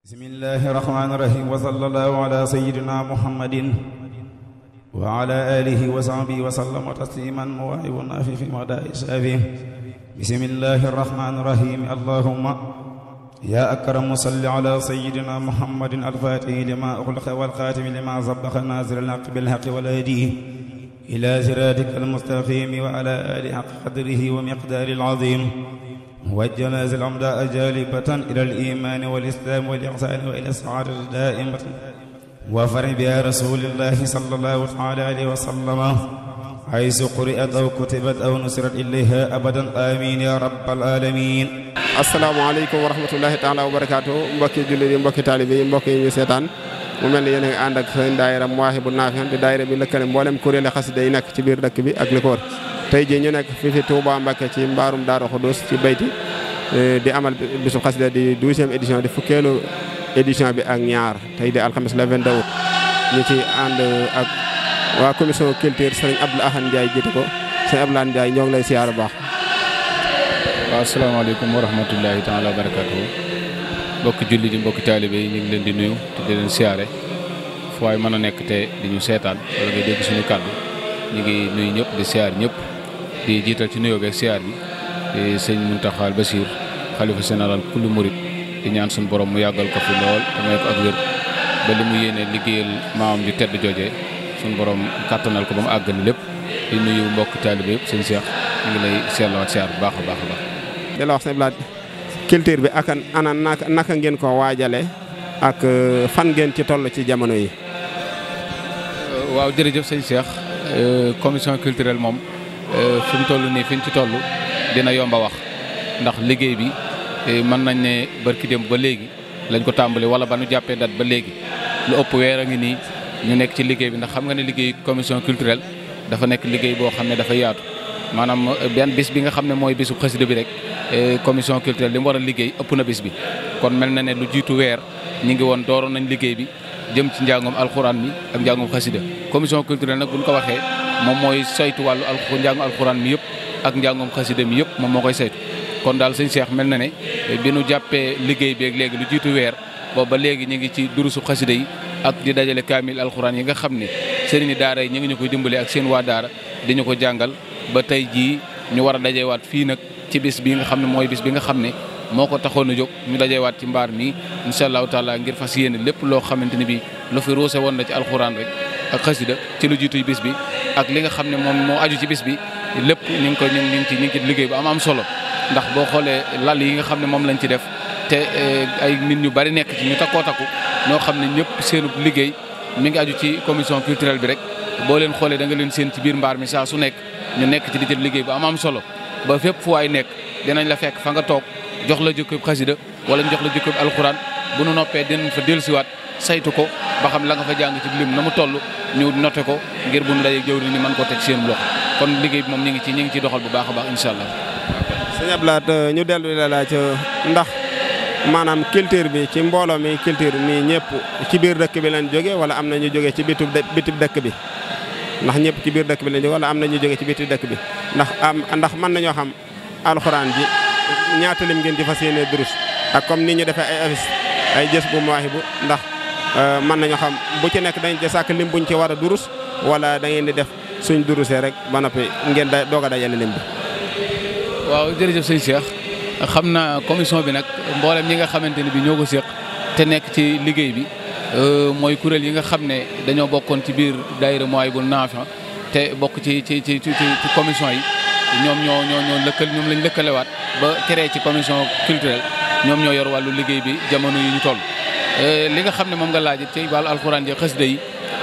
bismillahi irrahmani irahim wa sallallahu ala sayidina muhammadin wa ala alihi wa sahbihi wa sallama tasliman muwaayi wa naafi fi madaai saafi bismillahi irrahmani irahim allahumma yaa akramu salli ala sayidina muhammadin alfaatihi lima uxliqa walxaatimi lima sabaqa naasiri alxaqi bilxaqi walhaadiyi ila siraatika almustaqimi wa ala alihi xaq qadrihi wa miqdaari alazim وجناز العمداء جالبة إلى الإيمان والإسلام والإحسان وإلى السعادة دائمة وفر بها رسول الله صلى الله تعالى عليه وسلم حيث قرئت أو كتبت أو نسرت إليها أبدا آمين يا رب العالمين asalaamaaleykum wa rahmatullahi taala wa barakaatu mbokki jullit yi mbokki taalibe yi mbokki ñu seetaan mu mel ni yéen a ngi ànd ak seen daayira Mawaahibu Naafi di daayira bi lëkkale mboolem kuréel xasida yi nekk ci biir dëkk bi ak li ko wër tey jii ñu nekk fii fi Touba Mbacké ci mbaarum Daaru Xudus ci bayti eh, di amal bisu xasida di douzième édition di fukkeelu édition bi ak ñaar tey di alxames la 22 août ñu ci ànd ak waa commission culture sëriñ Abdou Ahad Ndiaye jiite ko sëriñ Abdou Ahad Ndiaye ñoo ngi lay siyaar baax waaw asalaamaaleykum wa rahmatullahi taala wa barakatuhu mbokki julli di mbokki taalibe ñu ngi leen di nuyu te di leen siyaare fu waay mën a nekk te di ñu seetaan wala ngi nuyu ñëpp ñëpp di jiital ci nuyoo geeg siyaar bi di sëñ Muntaxa Basiir xalifa général kullu murit di ñaan suñ borom mu yàggal ko fi lool te may ko ak wér ba li mu yéene liggéeyal maamam ju tedd jooje suñu borom kàttanal ko ba mu àggali lépp di nuyu mbokk taalibe yëpp sëñ seex ñu ngi lay seetlawaat siyaar bu baax a baax a baax. di la wax sëñ Blad culture bi ak ana naka ngeen ko waajale ak euh, fan ngeen ci toll ci jamono yi. waaw jërëjëf sëñ Cheikh euh, commission culturelle moom. Euh, fi mu toll nii fi ñu ci toll dina yomb a wax ndax liggéey bi euh, mën nañ ne barki démb ba léegi lañ ko tàmbali wala ba nu jàppee dat ba léegi lu ëpp weer a ngi nii ñu nekk ci liggéey bi ndax xam nga ne liggéey commission culturelle dafa nekk liggéey boo xam ne dafa yaatu maanaam euh, benn bis bi nga xam ne mooy bisu xasida bi rek commission culturelle li mu war a liggéey ëpp na bis bi kon mel na ne lu jiitu weer ñi ngi woon dooroon nañ liggéey bi jëm ci njàngum alxuraan bi ak moom mooy saytu wàllu al njàngu alxuraan mi yëpp ak njàngum xasida mi yëpp moom moo koy saytu kon daal sëñ Cheikh mel na ne eh, bi nu jàppee liggéey beeg léegi lu jiitu weer boobu ba léegi ñu ngi ci durusu xasida yi ak di dajale kaamil alxuraan yi nga xam ne sëriñ daara yi ñu ngi ñu koy dimbale ak seen waa daara di ñu ko jàngal ba tey jii ñu war a dajewaat fii nag ci bis bi nga xam ne mooy bis bi nga xam ne moo ko taxoon a jóg ñu dajewaat ci mbaar mi incha allahu taala ngir fas yéene lépp loo xamante ni bi lu fi ruuse woon na ci alxuraan rek ak xasida ci lu jiitu bis bi ak li nga xam ne moom moo aju ci bis bi lépp ñu ngi ko ñu ngi ci ñu ngi liggéey bu am am solo ndax boo xoolee lal yi nga xam ne moom lañu ci def te eh, ay nit ñu bari nekk ci ñu takkoo takku ñoo xam ne ñëpp seenu liggéey mi ngi aju ci commission culturelle bi rek boo leen xoolee da nga leen seen ci biir mbaar mi saa su nekk ñu nekk ci di jël liggéey bu am am solo ba fépp fu waay nekk dinañ la fekk fa nga toog jox la jukkub xasida wala jox la jukkub alxuraan bu nu noppee dinañ fa dellusiwaat saytu ko ba xam la nga fa jàng ci lim na mu toll ñu noté ko ngir bu ñu dajee jëwri ni man koo teg seen loxo kon liggéey bi moom ñu ngi ci ñu ngi ci doxal bu baax a baax incha allah. sëñ Abdou euh, ñu dellu la laaj euh, ndax maanaam culture bi ci mbooloo mi culture mi ñëpp ci biir dëkk bi leen jógee wala am na ñu jógee ci bitu bitib dëkk bi. ndax ñëpp ci biir dëkk bi lañ jóge wala am na ñu jóge ci biti dëkk bi ndax am ndax mën nañoo xam alxuraan ji ñaata lim ngeen di fas yéenee durus ak comme ni ñu defee ay avis ay jës bu mu bu ndax Euh, man nañu xam bu ci nekk dañ ci sàkk lim buñ ci war a durus wala da ngeen di def suñ durusee rek ba noppi ngeen da doog a dajale lim bi. waaw jërëjëf sëñ Cheikh xam naa commission bi nag mbooleem ñi nga xamante ni bi ñoo ko séq te nekk ci liggéey bi euh, mooy kuréel yi nga xam ne dañoo bokkoon ci biir daayira mooy bu naafa te bokk ci ci ci ci commission yi ñoom ñoo ñoo ñoo lëkkal ñoom lañ lëkkalewaat ba créé ci commission culturelle ñoom ñoo yor wàllu liggéey bi jamono yi ñu toll. Euh, li nga xam ne moom nga laaj ci wàllu alxuraan ji xasida yi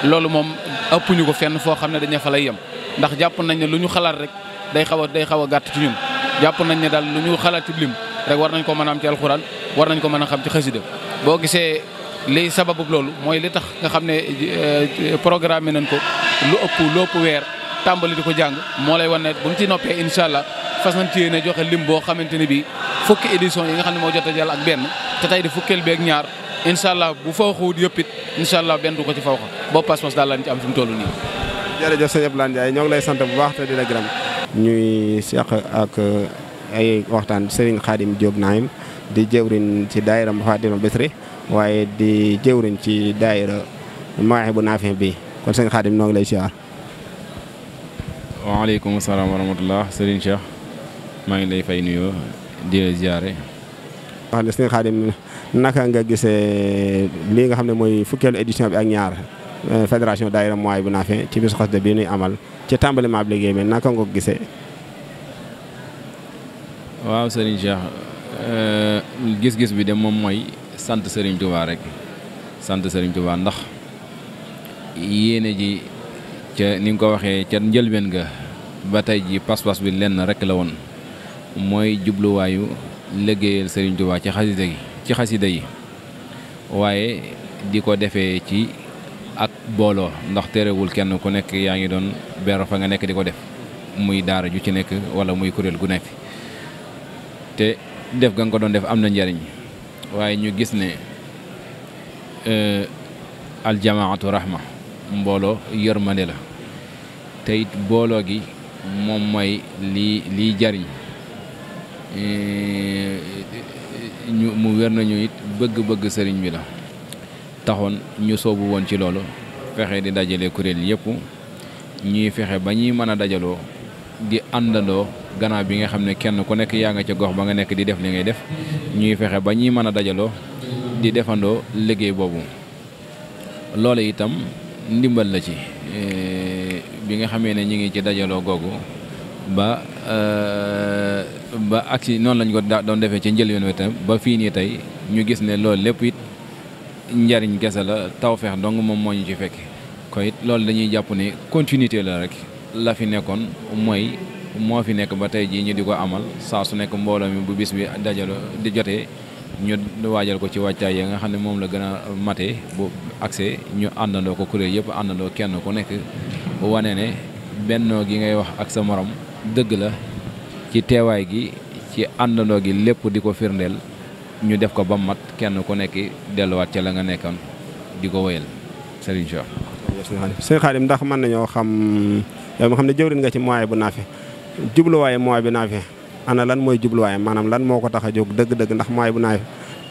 loolu moom ëpp ñu ko fenn foo xam ne dañu fa lay yem ndax jàpp nañ ne lu ñu xalaat rek day xaw a day xaw a gàtt ci ñun jàpp nañ ne daal lu ñu xalaat ci lim rek war nañ ko mën a am ci alxuraan war nañ ko mën a xam ci xasida boo gisee li sababu loolu mooy li tax nga xam ne euh, programme nañ ko lu ëpp lu ëpp weer tàmbali di ko jàng moo lay wan ne bu ñu ci noppee incha allah façon nañ ci joxe lim boo xamante ne bii fukki édition yi nga xam ne moo jot a jàll ak benn te tey di fukkeel beeg ñaar incha allah bu fawxuwut yëpp it incha allah benn du ko ci fawxa boobu pas-pas daal lañ ci am fi mu toll nii. jërëjëf sëñ Abdoulaye Ndiaye ñoo ngi lay sant bu baax te di la gërëm. ñuy seq ak eh, ay waxtaan Serigne Khadim Diop Naim di jëwriñ ci daayira Moukhaddamatoul Bichri waaye di jëwriñ ci daayira Mawahibou Nafih bi kon sëñ Khadim lay siyaar. waaleykum salaam wa rahmatulah Serigne Cheikh maa ngi lay fay nuyoo di la naka nga gisee lii nga xam ne mooy fukkeelu édition bi ak ñaar euh, fédération daayira mooy bu naafe ci bisu xasida bii nuy amal ci tàmbalima bi liggéey bi naka nga gisee. waaw Serigne Cheikh euh, gis-gis bi de moom mooy sant Serigne Touba rek sant Serigne Touba ndax yéene ji ca ni nga ko waxee ca njëlbeen ga ba tey ji pas-pas bi lenn rek la woon mooy jubluwaayu liggéeyal Serigne Touba ci xasida gi. ci xasida yi waaye di ko defee ci ak booloo ndax terewul kenn ku nekk yaa ngi doon beero fa nga nekk di ko def muy daara ju ci nekk wala muy kuréel gu nekk te def ga nga ko doon def am na njariñ waaye ñu gis ne euh, aljamaatu raxma mbooloo yërmande la te booloo gi moom mooy lii lii jariñ euh, ñu mu wér nañu it bëgg-bëgg sëriñ bi la taxoon ñu soobu woon ci loolu fexe di dajale kuréel yëpp ñuy fexe ba ñuy mën a dajaloo di àndandoo ganaar bi nga xam ne kenn ku nekk yaa nga ca gox ba nga nekk di def li ngay def ñuy fexe ba ñuy mën a dajaloo di defandoo liggéey boobu loolu itam ndimbal la ci e, bi nga xamee ne ñu ngi ci dajaloo googu ba e, ba aksi noonu lañ ko doon defee ca njëlbeen wi tam ba fii nii tey ñu gis ne loolu lépp it njariñ gese la tawfeex dong moom moo ñu ci fekk ko it loolu dañuy jàpp ne continuité la rek la fi nekkoon mooy moo fi nekk ba tey jii ñu di ko amal saa su nekk mbooloo mi bu bis bi dajaloo di jotee ñu waajal ko ci wàccaay yi nga xam ne moom la gën a matee bu accès ñu àndandoo ko kuréel yëpp àndandoo kenn ku nekk wanee ne bennoo gi ngay wax ak sa morom dëgg la ci teewaay gi ci àndandoo gi lépp di ko firndeel ñu def ko ba mat kenn ku nekk delluwaat ca la nga nekkoon di ko wéyal Serigne Cheikh. Serigne Khadim ndax mën nañoo xam yow ma xam ne jëwriñ nga ci mooy bu naafi jubluwaayu mooy bi naafi ana lan mooy jubluwaayam maanaam lan moo ko tax a jóg dëgg-dëgg ndax mooy bu naa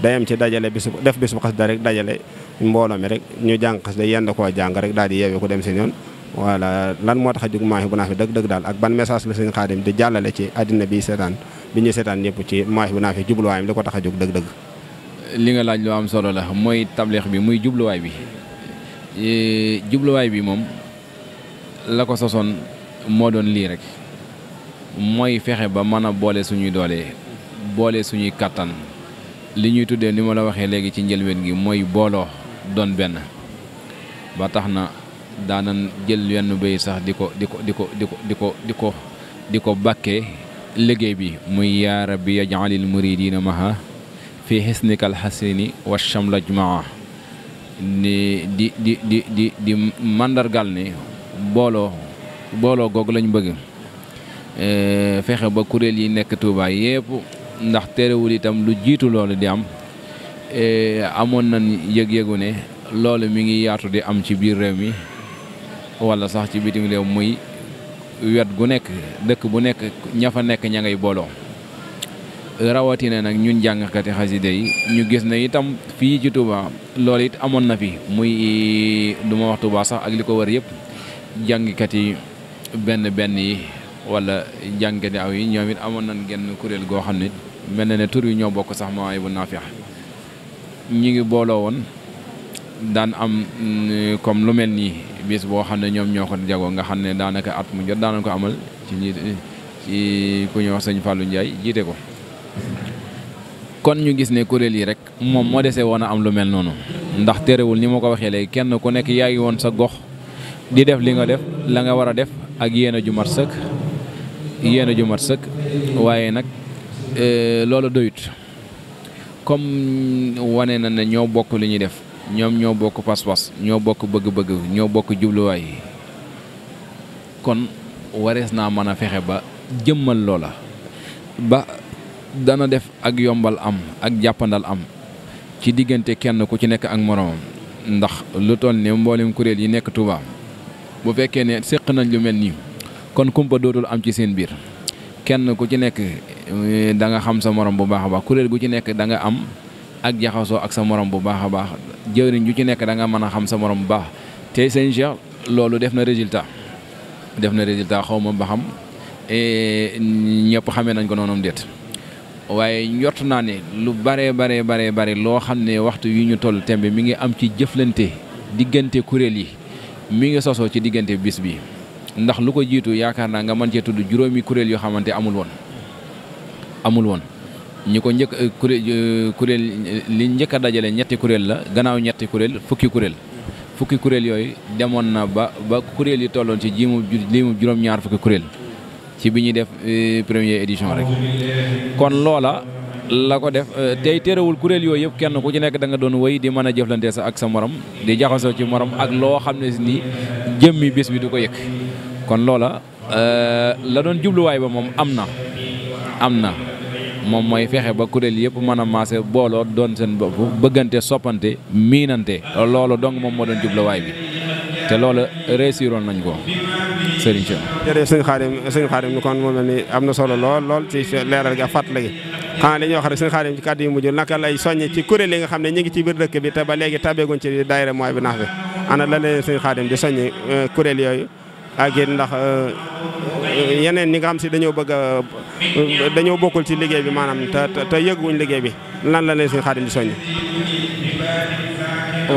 day am ci dajale bisu def bisu xasida rek dajale mbooloo mi rek ñu jàng xasida yenn koo jàng rek daal di yeewee ku dem seen yoon. voilà lan moo tax a jóg Mawahibou Nafih dëgg-dëgg daal ak ban message la sëñ Xaadim di jàllale ci àddina bi seetaan bi ñuy seetaan ñëpp ci Mawahibou Nafih jubluwaayam li ko tax a jóg li nga laaj lu am solo la mooy tableex bi muy jubluwaay bi e, jubluwaay bi moom la ko sosoon moo doon lii rek mooy fexe ba mën a boole suñuy doolee boole suñuy kàttan li ñuy tuddee ni ma la waxee léegi ci njëlbeen gi mooy booloo doon benn ba tax na. daanan jël wenn béy sax di ko di ko di ko di ko di ko di ko di ko bàkkee liggéey bi muy yaa rabbi yaj'alil muridina maha fi xisnikal xasini wa chamlaj maa di di di di di di màndargal ne booloo booloo goog lañ bëgg fexe ba kuréel yi nekk Tuubaa yépp ndax terewul itam lu jiitu loolu di am amoon na yëg-yëgu ne loolu mi ngi yaatu di am ci biir réew mi wala sax ci bitim réew muy wet gu nekk dëkk bu nekk ña fa nekk ña ngay booloo rawatine nag ñun jàngkati xaside yi ñu gis na itam fii ci Touba loolu it amoon na fi muy du ma wax Touba sax ak li ko wër yëpp jàngkat yi benn benn yi wala jàngkat yi aw yi ñoom it amoon nañ genn kuréel goo xam ne mel na ne tur yi ñoo bokk sax maa bu naafeex ñu ngi booloo woon daan am mm, comme lu mel nii bis boo xam ne ñoom ñoo ko jagoo nga xam ne daanaka at mu jot daana ko amal ci ñi ku ñuy wax sëñ Fallou Ndiaye jiite ko kon ñu gis ne kuréel yi rek moom moo desee woon a am lu mel noonu ndax terewul ni ma ko waxee léegi kenn ku nekk yaa ngi woon sa gox di def li nga def la nga war a def ak yéen a ju mat sëkk yéen a ju mat sëkk waaye nag eh, loolu doyut comme wane na ne ñoo bokk lu ñuy def ñoom ñoo bokk pas ñoo bokk bëgg-bëgg ñoo bokk jubluwaay kon warees naa mën a fexe ba jëmmal loola ba dana def ak yombal am ak jàppandal am ci diggante kenn ku ci nekk ak moroomam ndax lu toll ni mboolem kuréel yi nekk Touba bu fekkee ne séq nañ lu mel nii kon kumpa dootul am ci seen biir kenn ku ci nekk eh, danga xam sa moroom bu baax a baax kuréel gu ci nekk da nga am ak jaxasoo ak sa morom bu baax a baax jëwriñ ju ci nekk da nga mën a xam sa morom bu baax te sëñ Cheikh loolu def na résultat def na résultat xaw ma ba xam ñëpp xamee nañ ko noonu déet waaye njort naa ne lu baree baree baree bare loo xam ne waxtu yu ñu toll tembe mi ngi am ci jëflante diggante kuréel yi mi ngi sosoo ci diggante bis bi ndax lu ko jiitu yaakaar naa nga mën cee tudd juróomi kuréel yoo xamante amul woon amul woon ñi ko njëkk euh, kuréel euh, kuréel li njëkk a dajale ñetti kuréel la gannaaw ñetti kuréel fukki kuréel fukki kuréel yooyu demoon na ba ba kuréel yi tolloon ci jiimu liimu juróom-ñaar fukki kuréel ci bi ñuy def euh, premier édition rek kon loola la ko def tey téerewul kuréel yooyu yëpp kenn ku ci nekk da nga doon wéy di mën a jëflante sa ak sa morom di jaxasoo ci morom ak loo xam ne si ni jëmmi bés bi du ko yëg kon loola la doon jubluwaay ba moom am na am na moom mooy fexe ba kuréel yëpp man a maase booloo doon seen bopp bëggante soppante miinante loolu dong moom moo doon jubluwaay bi te loolu réussiroon nañ ko sëriñ Thiam. jërëjëf sëñ Xaadim sëñ Xaadim ni kon moom ni am na solo lool lool ci leeral gi ak fàttali gi xanaa li ñuy wax rek sëñ Xaadim ci kàddu yu mujj naka lay soññe ci kuréel yi nga xam ne ñu ngi ci biir dëkk bi te ba léegi tabeeguñ ci daayira mooy bi nax bi ana la leen sëñ Xaadim di soññe euh, kuréel yooyu ak it ndax euh, yeneen ñi nga xam si dañoo bëgg a dañoo bokkul ci liggéey bi maanaam te te yëguñ liggéey bi lan la leen si xaadim di soññ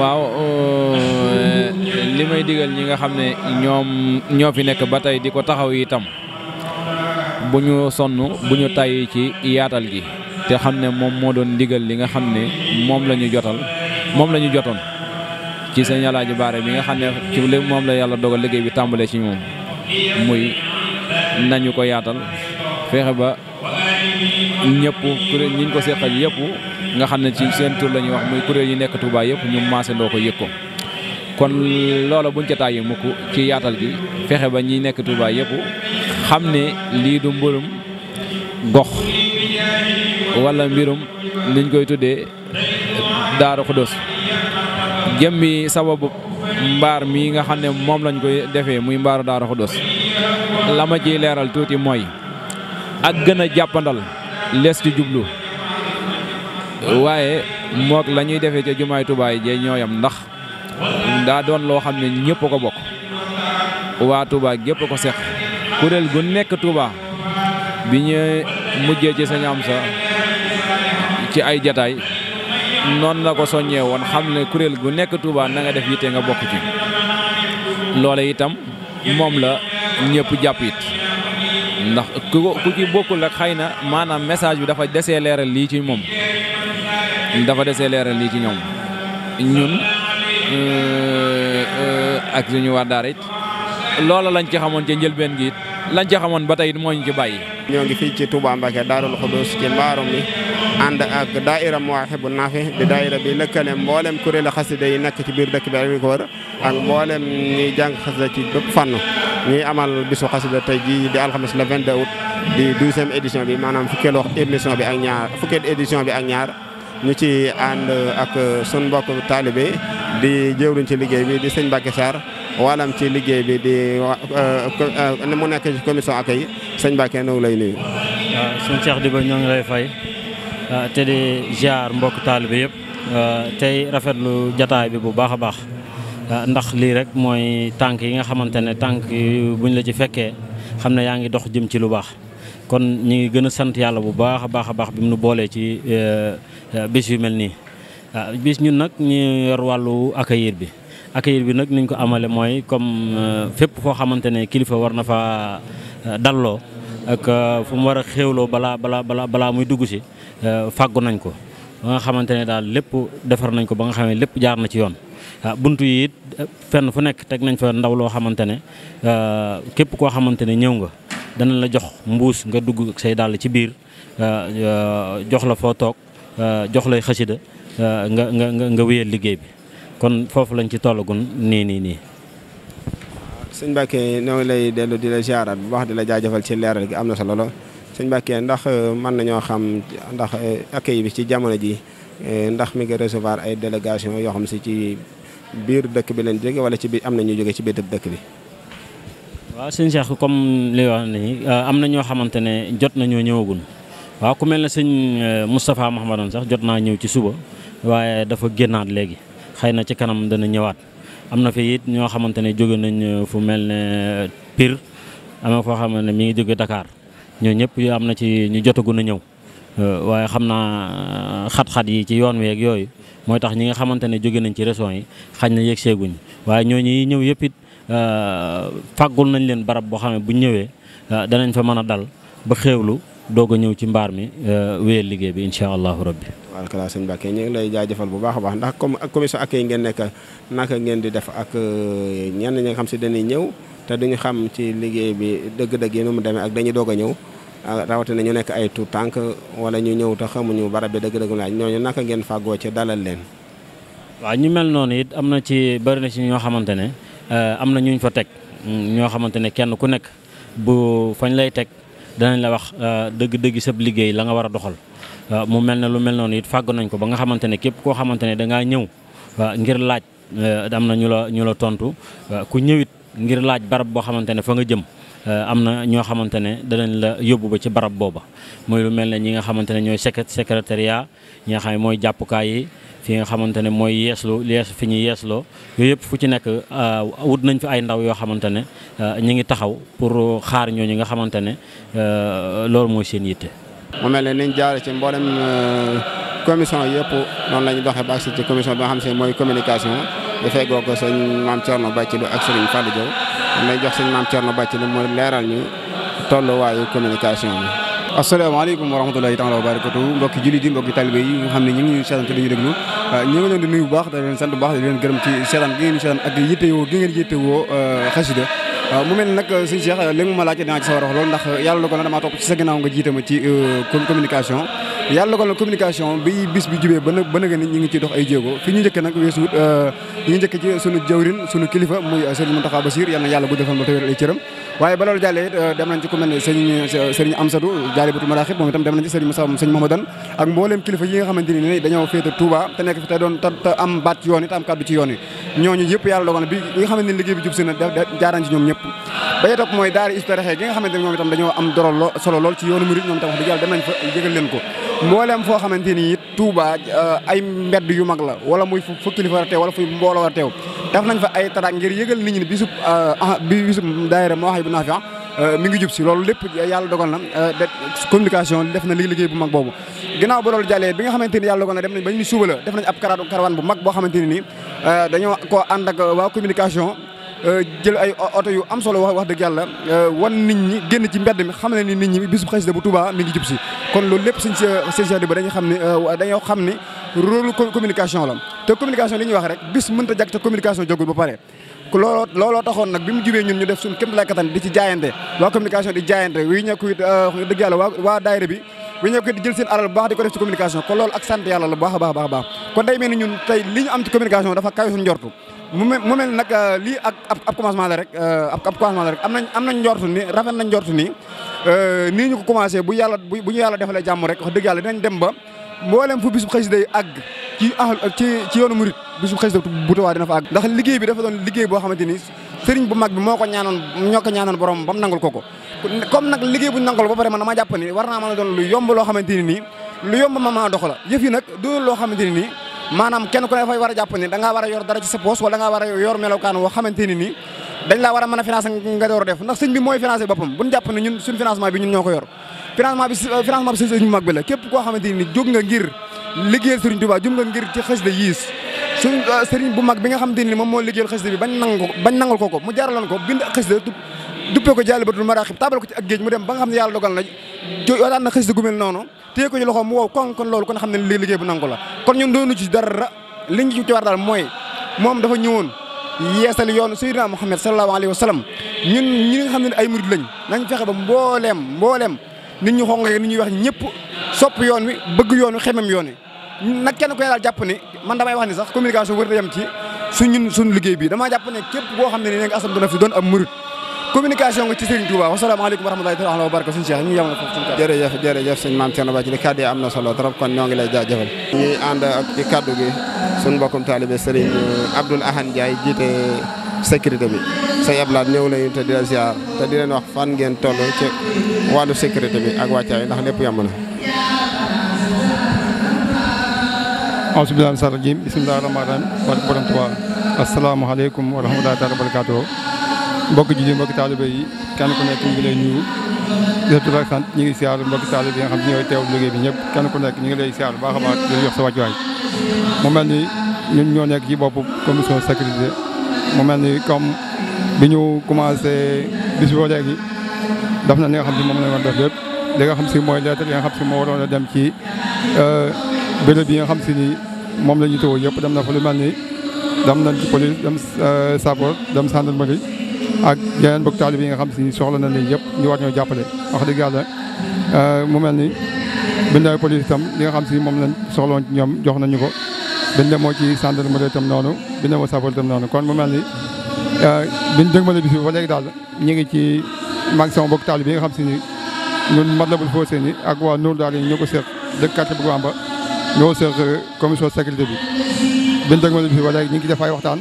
waaw euh, li may digal ñi nga xam ne ñoom ñoo fi nekk ba tey di ko taxaw itam bu ñu sonn bu ñu tàyyi ci yaatal gi te xam ne moom moo doon ndigal li nga xam ne moom la jotal moom la ñu jotoon ci seen yàllaa ji baare bi nga xam ne ci moom la yàlla dogal liggéey bi tàmbalee ci moom muy nañu ko yaatal fexe ba ñëpp kuréel ñu ko seqal yëpp nga xam ne ci seen tur la wax muy kuréel yi nekk Touba yëpp ñu maase ndoo ko yëg ko. kon loola buñ ca tàyyi mukk ci yaatal gi fexe ba ñi nekk Touba yëpp xam ne lii du mbirum gox wala mbirum niñ koy tuddee Daaru Xudoos jëmmi sababu mbaar mii nga xam ne moom lañ koy defee muy mbaaru Daaru Xudoos la ma ciy leeral tuuti mooy ak gën a jàppandal lees ci jublu waaye mook lañuy ñuy defee ca jumaay Tuubaa yi ñooyam ndax daa doon loo xam ne ñëpp ko bokk waa Touba gépp ko seq kuréel gu nekk Touba bi ñu mujjee ci sañ am sa ci ay jataay noon la ko soññee woon xam ne kuréel gu nekk Touba na nga def yitte nga bokk ci loole itam moom la ñëpp jàpp it ndax ku ku ci bokkul ak xëy na maanaam message bi dafa desee leeral lii ci moom dafa desee leeral lii ci ñoom ñun euh, euh, ak suñu waa daara it loola lañ ci xamoon ca njëlbeen gi it ci xamoon ba tey it moo ñu ci bàyyi. ñoo ngi fii ci Touba Mbacke Daarul Xudoos ci mbaarum mi ànd ak daa daaira Mawaahibu Naafi di daaira bi lëkkale mboolem kuréelu xasida yi nekk ci biir dëkk bi ak ko wër ak mboolem ñuy jàng xasida ci bépp fànn. ñuy amal bisu xasida tey jii di alxames le 22 août di douzième édition bi maanaam fukkeelu wax émission bi ak ñaar fukkeelu édition bi ak ñaar ñu ci ànd ak sun mbokk taalibe di jëwriñ ci liggéey bi di sëñ Mbacke Sarr walam ci liggéey bi di euh, mu nekk ci commission accueil sëñ Mbacke ñu ngi lay nuyu. waaw suñu Cheikh Diba ñoo ngi lay fay te di ziar mbokk taalibe yëpp tey rafetlu jataay bi bu baax a baax. Ah, ndax lii rek mooy tànk yi nga xamante ne tànk buñ la ci fekkee xam ne yaa ngi dox jëm ci lu baax kon ñu ngi gën a sant yàlla bu baax a baax a baax bi mu nu boolee ci eh, eh, bis yu mel nii ah, bis ñun nag ñu yor wàllu accueil bi accueil bi nag niñ ko amale mooy comme eh, fépp foo xamante ne kilifa war na fa dalloo ak fu mu war a xéewloo balaa balaa balaa balaa muy dugg si fàggu nañ ko ba nga xamante ne daal lépp defar nañ ko ba nga xam lépp jaar na ci yoon bunt ah, buntu eh, fenn fu nekk teg nañ fa ndaw loo xamante ne ah, képp koo xamante ne ñëw nga dana la jox mbuus nga dugg say dàll ci biir ah, jox la foo toog jox lay xasida nga nga nga wéyal liggéey bi kon foofu lañ ci tollagun nii nii nii. sëñ Mbacke ñoo lay dellu di la ziaraat bu wax di la jaajëfal ci leeral gi am na solo lool sëñ Mbacke ndax eh, mën nañoo xam ndax yi eh, bi ci jamono ji ndax mi ngi recevoir ay délégation yoo xam si ci. biir dëkk bi leen jóge wala ci biir am na ñuy ci biir dëkk bi. waaw sëñ Cheikh comme li wax euh, am na ñoo xamante ne jot nañoo ñëwagul waaw ku mel ne sëñ euh, Moustapha Mahamadan sax jot naa ñëw ci suba waaye dafa génnaat léegi xëy na ci kanam dana ñëwaat. am na fi it ñoo xamante ne jóge nañ euh, fu mel ne Pire am na foo xam ne mi ngi jóge dakaar ñoo ñëpp yu am na ci ñu jotagu na ñëw waaye xam naa xat-xat yi ci yoon wi ak yooyu. mooy tax ñi nga xamante ne jóge nañ ci régions yi xañ na yegg seeguñ waaye ñoo yi ñëw yëpp it euh, fàggul nañ leen barab boo xam ne bu ñëwee euh, danañ fa mën a dal ba xéewlu doog a ñëw ci mbaar mi euh, wéyal liggéey bi incha allahu rabbi. waaw kala sëñ Mbacke ñu ngi lay jaajëfal bu baax a baax ndax comme ak commission ak yi ngeen nekka naka ngeen di def ak ñenn ñi nga xam si dañuy ñëw te duñu xam ci liggéey bi dëgg-dëgg yi nu mu demee ak dañuy doog a ñëw. Ah, rawatina ñu nekk ay tout tànk wala ñu ñëw te xamuñu barab bi dëgg-dëgg laaj ñooñu naka ngeen faggoo ci dalal leen. waaw ñu mel noonu it am na ci bëri na ci ñoo xamante ne eh, am na ñu ñu fa teg ñoo xamante ne kenn ku nekk bu fañ lay teg danañ la wax eh, dëgg-dëgg sab liggéey la nga war a doxal. Eh, mu mel ne lu mel noonu it fàgg nañ ko ba nga xamante ne képp koo xamante ne dangaa ñëw ngir laaj am na ñu la ñu la tontu ku ñëwit ngir laaj barab boo xamante ne fa nga jëm. Euh, am na ñoo xamante ne danañ la yóbbu ba ci barab booba mooy lu mel ne ñi nga xamante ne ñooy secrétariat ñi nga xam ne mooy jàppukaay yi fi nga xamante ne mooy yeeslu yees fi ñuy yeesloo yooyu yëpp fu ci nekk euh, wut nañ fi ay ndaw yoo xamante ne euh, ñu ngi taxaw pour xaar ñooñu nga xamante ne loolu mooy seen yitte. mu mel nañ niñ jaare ci mboolem commission yëpp noonu la ñu doxee ba agsi ci commission bi nga xam ne mooy communication dafay goo ko sëñ maam Thierno Backe ak sëriñ Fallou Diaw may jox sëñ maam Thierno Bàcc li mu leeral ñu tolluwaayu communication bi. asalaamaaleykum wa rahmatulahi taala wa barakatu mbokki jullit yi mbokki talibé yi nga xam ne ñu ngi seetaan te duñu déglu ah, ñu ngi leen di nuyu bu baax da leen sant bu baax di leen gërëm ci seetaan gi ngeen ñu seetaan ak yittewoo gi ngeen yittewoo ah, xasida ah, mu mel nag sëñ Cheikh li nga ma laajte dinaa ci sa ndax yàlla dogal na damaa topp ci sa ginnaaw nga jiite ma ci euh, communication yàlla ko na communication bi bis bi jubee ba ba nga ni ñu ngi ciy dox ay jéego fi ñu njëkk nag weesu euh, ñu ngi njëkk ci sunu jawrin sunu kilifa muy euh, sëriñ Mountakha Bassir yal na yàlla guddal fan ba tawér ay cëram waaye ba loolu jàllee it euh, dem nañ ci ku mel ne sëriñ sëriñ Amsadou jaali batul maraaxib moom itam dem nañ ci sëriñ Moussa sëriñ Mouhamadan ak mbooleem kilifa yi nga xamante ni dañoo féete Touba te nekk fi te doon te am baat ci te am kàddu ci yoon ñooñu yëpp yàlla dogal na bi nga xamante ni liggéey bi jub si jaaraan ci ñoom ñëpp ba topp mooy daara Hizbut lool ci yoonu murid ñoom itam leen ko mboolem foo xamante ni it euh, ay mbedd yu mag la wala muy fu kilifa war teew wala fu mbooloo war teew def nañ fa ay tara ngir yëgal nit ñi bisub euh, ah, bisub daayira moo wax bu naa fi euh, mi ngi jub si loolu lépp yàlla dogal na communication def na liggéey bu mag boobu ginnaaw ba loolu jàllee bi nga xamante ni yàlla dogal na dem nañ ba ñu suba la def nañ ab karawaan bu mag boo xamante ni nii dañoo ko ànd ak waa communication Euh, jël ay oto yu am solo wax wax dëgg yàlla euh, wan nit ñi génn ci mbedd mi xam na ni nit ñi bis bu xasida bu Touba mi ngi jub si kon loolu lépp suñ euh, xam ne dañoo xam ne communication la te communication li ñuy wax rek bis mënta jag te looloo looloo taxoon bi mu jubee ñun ñu def suñ kéem lay kattan di ci jaayante waa communication di jaayante wi ñekk it dëgg yàlla waa waa daayira bi wi ñekk di jël seen alal bu baax baax a baax baax kon day mel ñun tey li ñu am ci communication dafa kawe suñ njortu mu mel mu mel nag euh, lii ak euh, ab commencement la rek am nañ am nañ njortu ni rafet nañ njortu ni euh, nii ñu ko commencé bu yàlla bu ñu yàlla defalee jàmm rek wax dëgg yàlla dinañ dem ba mboolem fu bisub xasida yi àgg ci ci ci yoonu murit bisub xasida bu waa dina fa àgg ndax liggéey bi dafa doon liggéey boo xamante ni sëriñ bu mag bi moo ko ñaanoon ñoo ko ñaanoon borom ba mu nangul ko ko comme nag liggéey bu ñu nangul ba pare ma dama ma ni war naa mën a doon lu yomb loo xamante ni nii lu ma maa dox nag doon loo xamante ni nii maanaam kenn ku ne dafay war a jàpp ni da war a yor dara ci sa poos wala da ngaa war a yor melokaan woo xamante ni dañ laa war a mën a financé nga door a def ndax sëñ bi mooy financé boppam buñ jàpp ne ñun suñ financement bi ñun ñoo ko yor financement bi euh, financement bi sëñ bu mag bi la képp koo xamante ni jóg nga ngir liggéeyal Serigne Touba jóg nga ngir ci xës da yiis suñ euh, bu mag bi nga xamante moom moo liggéeyal xës da bi bañ nangu ko bañ nangul ko ko mu ko bind duppee ko jaalibatul maraaxib taabal ko ci ak géej mu dem ba nga xam ne yàlla dogal na jotaan na xasida gu noonu téye ko ci loxo mu wow kon kon loolu kon xam ne lii liggéey bu nangu la kon ñun doonu ci dara li ñu ci war daal mooy moom dafa ñëwoon yeesal yoonu Seydina Muhammad sallallahu alayhi wa ñun ñi nga xam ne ay murid lañ nañ fexe ba mbooleem mbooleem nit ñu xonq nit ñuy wax ñëpp sopp yoon wi bëgg yoon wi xemem yoon wi nak kenn ku ne daal jàpp ni man damay wax ni sax communication wër na yem ñun suñ liggéey bi damaa jàpp ne képp boo xam ne ne nga asam doon fi communication ci Serigne Touba wasalaamaaleykum wa rahmatulahi taala wa baraka suñu Cheikh ñu yemal foofu suñu jërëjëf yi am na solo trop kon ñoo ngi lay jaajëfal ñuy ànd ak ci kàddu gi suñu mbokkum taalibe Serigne Abdoul Ahane Ndiaye jiite sécurité bi sëñ Ablaat ñëw nañu te di la ziar te di leen wax fan ngeen toll ci wàllu sécurité bi ak wàccaay ndax lépp yemb na auzu billaahi mina shaytaani rajiim bismillaahi rahmaani rahiim barke borom Tuubaa asalaamaaleykum wa rahmatulahi mbokk julli mbokk taalibe yi kenn ku nekk ñu ngi lay nuyu di la sant ñu ngi siyaar mbokk taalibe yi nga xam ne ñooy teew liggéey bi ñëpp kenn ku nekk ngi lay siyaar bu baax a baax di la jox sa mu mel ni ñun ñoo nekk ci boppu commission sécurité mu mel ni comme bi ñu commencé bis boo léegi na li nga xam si moom la war def lépp li nga xam si mooy lettre yi nga xam si moo dem ci euh, béréb yi nga xam si ni moom la ñu tawoo yëpp dem na fa lu mel ni dem nañ ci police dem euh, sapeur dem gendarmerie ak yeneen bokk taalib yi nga xam si ni soxla na leen yëpp ñu war ñoo jàppale wax dëgg yàlla euh, mu mel ni bindaay police itam li nga xam si moom lañ soxloon ci ñoom jox nañu ko biñ moo ci gendarmerie itam noonu biñ demoo sapeur itam noonu kon mu mel ni euh, biñ dëgmale bis bi ba léegi daal ñu ngi ci mag sama bokk taalib yi nga xam si ni ñun Matlaboul Fawzeyni ak waa Nour daal yi ñoo ko seq dëkk quartier bu Bamba ñoo seq commission sécurité bi biñ dëgmale bis bi ba léegi ñu ngi def ay waxtaan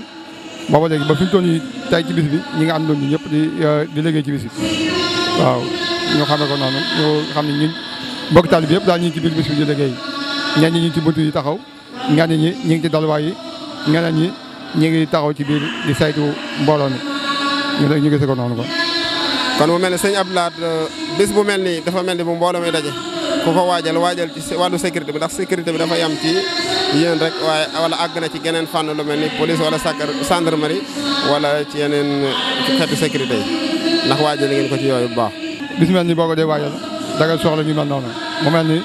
booba léegi ba fi ñu toll nii tey ci bis bi ñu nga àndoon ñun ñëpp di euh, di liggéey ci bis bi waaw ñoo xamee ko noonu ñoo xam ne ñun mbokk taalibe yëpp daal ñu ngi ci biir bis bi di liggéey ñenn ñi ci bunt yi taxaw ñenn ñi ñu ngi ci dalwaay yi ñeneen ñi ñu ngi taxaw ci biir di saytu mbooloo mi ñu ñu gisee ko noonu ko kon mu mel ni sëñ Abdou Lahad euh, bis bu mel nii dafa mel ni bu mbooloo mi daje ku ko waajal waajal ci wàllu sécurité bi ndax sécurité bi dafa yam ci yéen rek waaye wala àgg na ci geneen fànn lu mel ni police wala gendarmerie wala ci yeneen xeetu sécurité yi ndax waajal ngeen ko ci yooyu bu baax. bis mel ni boo ko dee waajal dangay soxla ñu mel noonu mu mel ni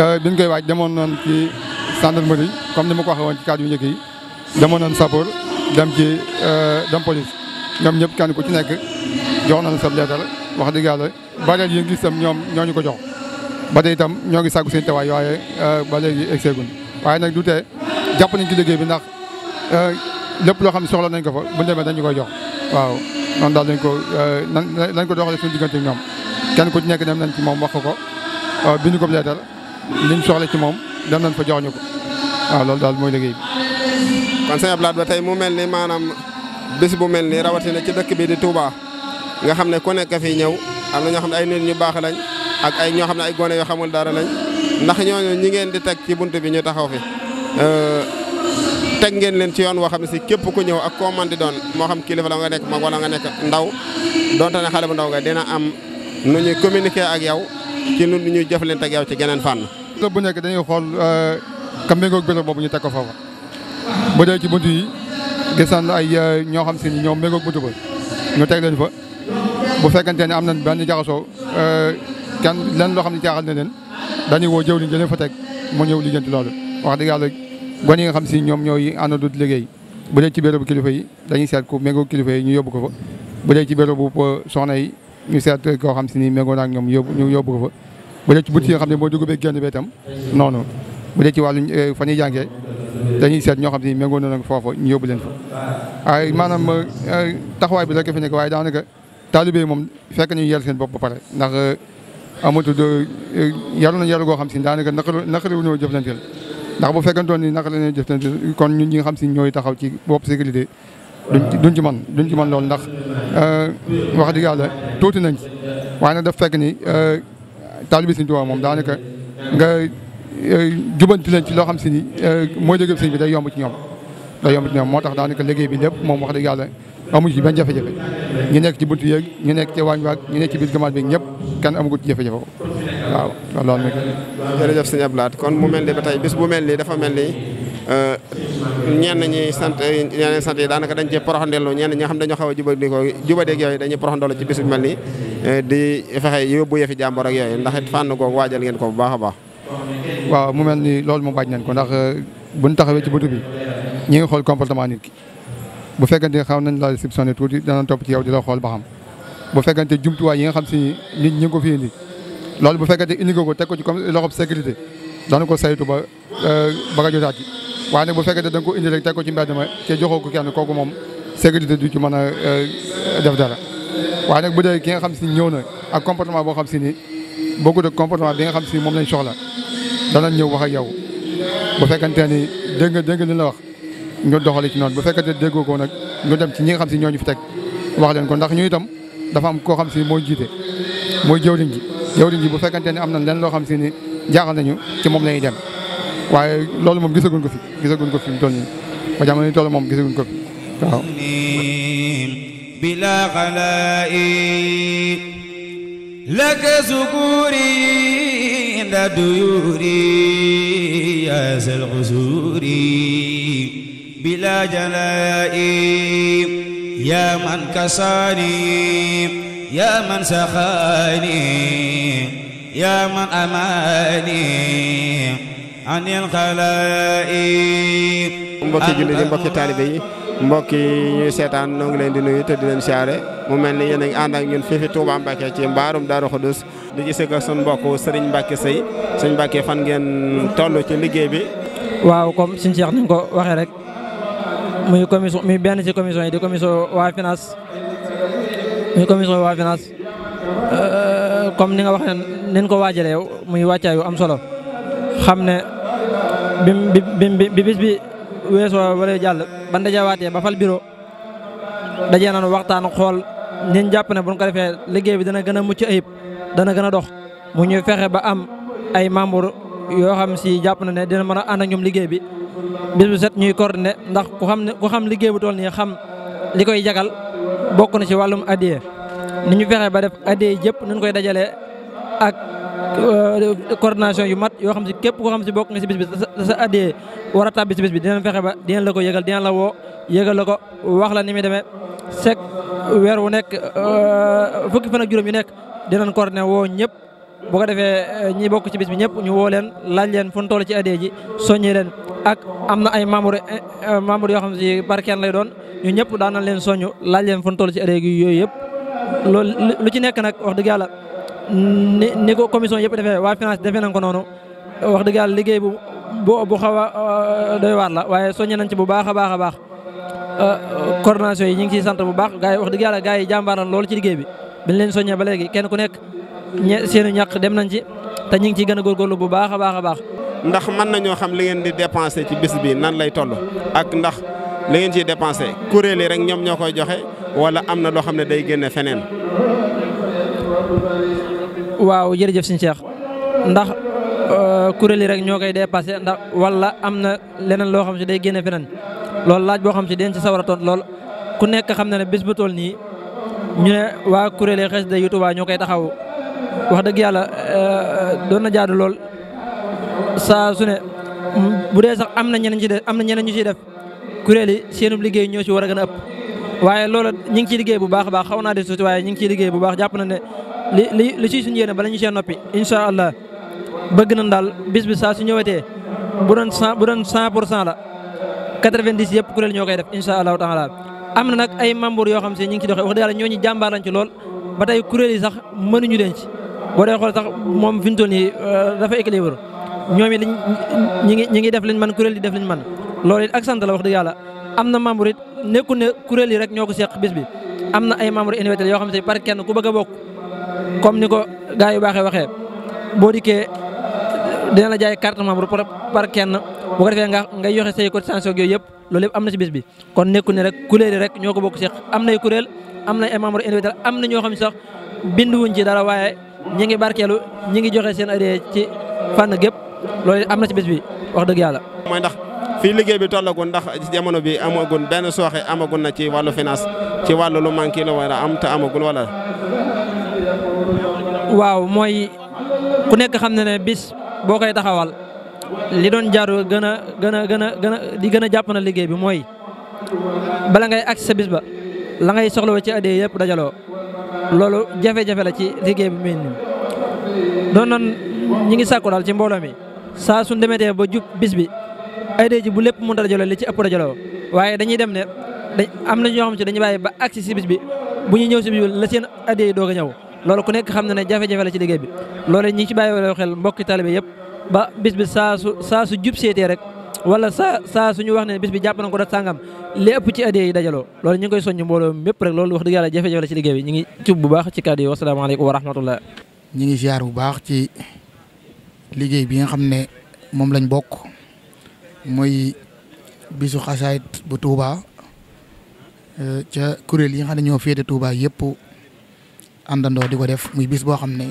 euh, biñ koy waaj demoon noonu ci gendarmerie comme ni ma ko waxee woon ci cadre yu njëkk yi demoon nañ sapeur dem ci euh, dem police ñoom ñëpp kenn ku ci nekk jox nañ sa leetar wax dëgg yàlla bareel yi gis tam ñoom ñoo ñu ko jox ba tey itam ñoo ngi sàggu seen tawaay waaye euh, ba léegi egg waaye nag du tee jàpp nañ ci liggéey bi ndax euh, lépp loo xam ne soxla nañ ko fa bu ñu demee dañu koy jox waaw noonu daal lañ ko euh, lañ ko doxalee suñu diggante ñoom kenn ku ci nekk dem nañ ci moom wax ko euh, bind ko leetar liñ soxla ci moom dem nañ fa jox ñu ko waaw loolu daal mooy liggéey bi. kon sëñ Abdou Lahad ba tey mu mel ni maanaam bés bu mel ni rawatina ci dëkk bi di Touba nga xam ne ku nekk fi ñëw am na ñoo xam ne ay nit ñu baax lañ ak ay ñoo xam ne ay gone yoo xamul dara lañ. ndax ñoo ñi ngeen di teg ci bunt bi ñu taxaw fi euh, teg ngeen leen ci yoon woo xam ne si képp ku ñëw ak koo man di doon moo xam kilifa la nga nekk mag wala nga nekk ndaw donte ne xale bu ndaw nga dina am nu ñuy communiquer ak yow ci nu ñuy leen ak yow ci geneen fànn. bu nekk dañuy xool euh, ka méngoog béréb boobu ñu teg ko foofa bu dee ci bunt yi gis nañ ay euh, ñoo xam si ni ñoom méngoog bunt ba ñu teg leen fa bu fekkante ne am nañ benn jaxasoo kenn lenn loo xam ne jaaxal na leen. dañuy woo jëwriñ jëlee fa teg mu ñëw lijjanti loolu wax dëgg yàlla gone yi si ñoom ñooy àndandoo di liggéey bu dee ci bérébu kilifa yi dañuy seet ñu yóbbu ko fa bu dee ci bérébu euh, soxna ñu seet koo xam si ni méngoo naag ñoom yóbbu ñu yóbbu ko fa bu dee ci butti xam ne moo dugg bee génn bee tam noonu bu dee ci wàllu euh, fa ñuy jàngee dañuy seet ñoo xam si ni méngoo na nag foofa ñu yóbbu leen fa waaye maanaam euh, taxawaay bi rek fi nekk waaye daanaka taalibe moom fekk ñu yer seen bopp ba pare amatul eh, yaru nañ yaru goo xam si daanaka naqari naqari wu ñoo jëflanteel ndax bu fekkantoon ni naqari nañu jëflanteel kon ñun ñi nga xam si ñooy taxaw ci bopp sécurité duñ duñ ci man duñ ci man loolu ndax eh, wax dëgg yàlla tuuti nañ waane waaye daf fekk ni eh, taalibi Sëñ Tuubaa moom daanaka nga jubanti ci loo xam si ni mooy dëgg sëñ bi day yomb ci ñoom day yomb ci ñoom moo tax daanaka liggéey bi lépp moom wax dëgg yàlla amuñu ci benn jafe-jafe ñu nekk ci buntu yeeg ñu nekk ci waañ waag ñu nekk ci biir gamaat bi ñëpp kenn amagut ci jafe-jafe waaw loolu nag. jërëjëf sëñ Abdou Lahad kon mu mel ni ba tey bis bu mel nii dafa mel ni euh, ñenn ñi sant ñeneen sant daanaka dañ cee poroxandeeloo ñenn ñi nga xam dañoo xaw a jubadikoo jubadeeg yooyu dañuy poroxandeeloo ci bis bu mel nii euh, di fexe yóbbu yëfi jàmbur ak yooyu ndax it fànn googu waajal ngeen ko bu baax a baax. waaw mu mel ni loolu mu bañ nañ ko ndax bu euh, buñ taxawee ci buntu bi ñu ngi xool comportement nit ki bu fekkante xaw nañ la réceptionné tuuti dana topp ci yow di la xool ba xam bu fekkante jumtuwaay yi nga xam si nit ñi ngi ko fi indi loolu bu fekkante indi ko teg ko ci comme dana ko saytu ba euh, ba nga jotaat ci waaye bu fekkante da nga ko indi rek teg ci mbedd ma te joxoo ko kenn kooku moom sécurité du ci mën a euh, def dara waaye nag bu dee ki nga xam si ñëw na ak comportement boo xam si ni bokkut ak comportement bi nga xam si moom lañ soxla dana ñëw wax ak yow bu fekkente ni dégg nga dégg nga li la wax ñu doxali ci noonu bu fekkee déggoo ko nag ñu dem ci ñi nga xam si ñoo ñu fi teg wax leen ko ndax ñu itam dafa am koo xam si mooy jiite mooy jëwriñ ji jëwriñ ji bu fekkente ne am na leen loo xam si ni jaaxal nañu ci moom lañuy dem waaye loolu moom gisaguñ ko fi gisaguñ ko fi mu toll nii ba jamono yi toll moom gisaguñ ko fi waaw bila xalaai laka sukuri inda duyuri ya sal xusuri بلا جلاء يا من كساني يا من سخاني يا من أماني عن الخلاء mbokki jullit yi mbokki taalibe yi mbokki seetaan ñoo ngi leen di nuyu te di leen siyaare mu mel ni yéen a ngi ànd ak ñun fii ci mbaarum Daaru Xudus di gis ak suñu mbokk Serigne Mbacké Seye Serigne Mbacké fan ngeen toll ci liggéey bi waaw comme suñu Cheikh ni ko waxee rek muy commission muy benn ci commission yi di commission waa finance muy commission waa finance euh, comme ni nga wax ne nañ ko waajalee yow muy wàccaa yu am solo xam ne bi bi bi bis bi weesoo wala jàll ba ndajewaatee ba fal bureau dajee nañu waxtaan xool ñun jàpp ne bu ñu ko defee liggéey bi dana gën a mucc ayib dana gën a dox mu ñuy fexe ba am ay membre yoo xam si jàpp na ne dina mën a ànd ak ñoom liggéey bi bis bu set ñuy coordonné ndax ku xam ne ku xam liggéey bu toll nii xam li koy jagal bokk na ci wàllum addiya ni ñu fexe ba def addiya jëpp nu koy dajalee ak euh, coordination yu mat yoo xam si képp koo xam si bokk nga si bis bi sa addiya war a tàbbi si bis bi fexe ba dinañ la ko yëgal dinañ la woo yëgal la ko wax la ni muy deme sek weer wu nekk euh, fukki fan ak juróom yu nekk dinañ coordonné woo ñëpp. bu ko defee eh, ñi bokk ci bis bi ñëpp ñu woo leen laaj leen fu ñu toll ci adee ji leen ak am na ay membre eh, eh, membre yoo xam si barkeen lay doon ñu ñëpp daan nañ leen soññu laaj leen fu ñu toll ci adee yooyu yëpp loolu lu ci nekk nag wax dëgg yàlla ni ni ko commission yëpp defee waa finance defee nañ ko noonu wax dëgg yàlla liggéey bu bu xaw a doy waar la waaye soññe nañ ci bu baax a baax a baax coordination yi ñu ngi ciy sant bu baax gars yi wax dëgg yàlla gars yi loolu ci liggéey seen i ñàq dem nañ ci te ñu ngi ciy gën a góorgóorlu bu baax a baax a baax. ndax mën nañoo xam li ngeen di dépensé ci bis bii nan lay toll ak ndax li ngeen ciy dépensé kuréel yi rek ñoom ñoo koy joxe wala am na loo xam ne day génne feneen. waaw jërëjëf sëñ Cheikh ndax euh, kuréel yi rek ñoo koy dépassé ndax wala am na leneen loo xam si day génne feneen loolu laaj boo xam si den ci sawar a lool ku nekk xam na bis bu toll nii ñu ne waa kuréel yi xes da ñoo koy taxaw wax dëgg yàlla euh, doon na jaadu lool saa su ne bu dee sax am na ñeneen ci def am na ñu ci def kuréel yi seenub liggéey ñoo ci war a gën a ëpp. waaye loola ñu ngi ciy liggéey bu baax a baax xaw naa des tuuti waaye ñu ngi ciy liggéey bu baax jàpp na ne li li li ciy suñu bala ñu seen noppi incha allah bëgg nañ daal bis bi saa su ñëwetee bu doon cent bu doon cent pour la quatre-vingt-dix yëpp kuréel ñoo koy def incha allahu taala am na nag ay membres yoo xam si ñu ngi ci doxee wax dëgg yàlla ñooñu jàmbaar lool ba tey kuréel yi sax mënuñu denc boo dee xool sax moom fi mu euh, dafa équilibre ñoom it ñi ngi ñi ngi def liñ man kuréel yi def liñ man loolu it ak sant la wax dëgg yàlla am na membre it nekku ne kuréel yi rek ñoo ko seq bis bi am na ay membre individuel yoo xam ne par kenn ku bëgg a bokk comme ni ko gars yu baaxee waxee boo dikkee dina la jaay carte membre par kenn bu ko defee nga ngay yoxe say cotisation yooyu yëpp loolu yëpp am na ci bis bi am na ay membres individuels am na ñoo xam ne sax binduwuñ ci dara waaye ñu ngi barkeelu ñu ngi joxe seen addiya ci fànn gépp loolu am na ci bés bi wax dëgg yàlla. mooy ndax fii liggéey bi tollagun ndax jamono bi amagun benn sooxe amagun na ci wàllu finance ci wàllu lu manqué la wala am te amagul wala. waaw mooy ku nekk xam na ne bis boo koy taxawal li doon jaaru gën a gën a gën a gën a di gën a jàpp liggéey bi mooy bala ngay ak sa bis ba. la ngay soxlawoo ci addee yëpp dajaloo loolu jafe-jafe la ci liggéey bi muy nii doon nan ñi ngi sàkku daal ci mbooloo mi saa suñ demetee ba jub bis bi addee ji bu lépp mënut a dajaloo li ci ëpp dajaloo waaye dañuy dem ne dañ am na ñoo xam ci dañu bàyyi ba agsi si bis bi bu ñuy ñëw si bis bi la seen addee yi doog a ñëw loolu ku nekk xam na ne jafe-jafe la ci liggéey bi loolu ñi ci bàyyi wala xel mbokki taalibe yëpp ba bis bi saa su saa jub seetee rek wala saa saa suñu wax nee bis bi jàpp nañ ko dat sàngam li ëpp ci addiya yi dajaloo loolu ñu ngi koy soññ mbooloo mépp rek loolu wax dëgg yàlla jafe-jafe la ci liggéey bi ñu ngi cub bu baax ci kàddu yi wasalaamaaleykum wa rahmatullah ñu ngi ziar bu baax ci liggéey bi nga xam ne moom lañ bokk mooy bisu xasaayit bu Touba euh, ca kuréel yi nga xam ne ñoo féete Touba yëpp àndandoo di ko def muy bis boo xam ne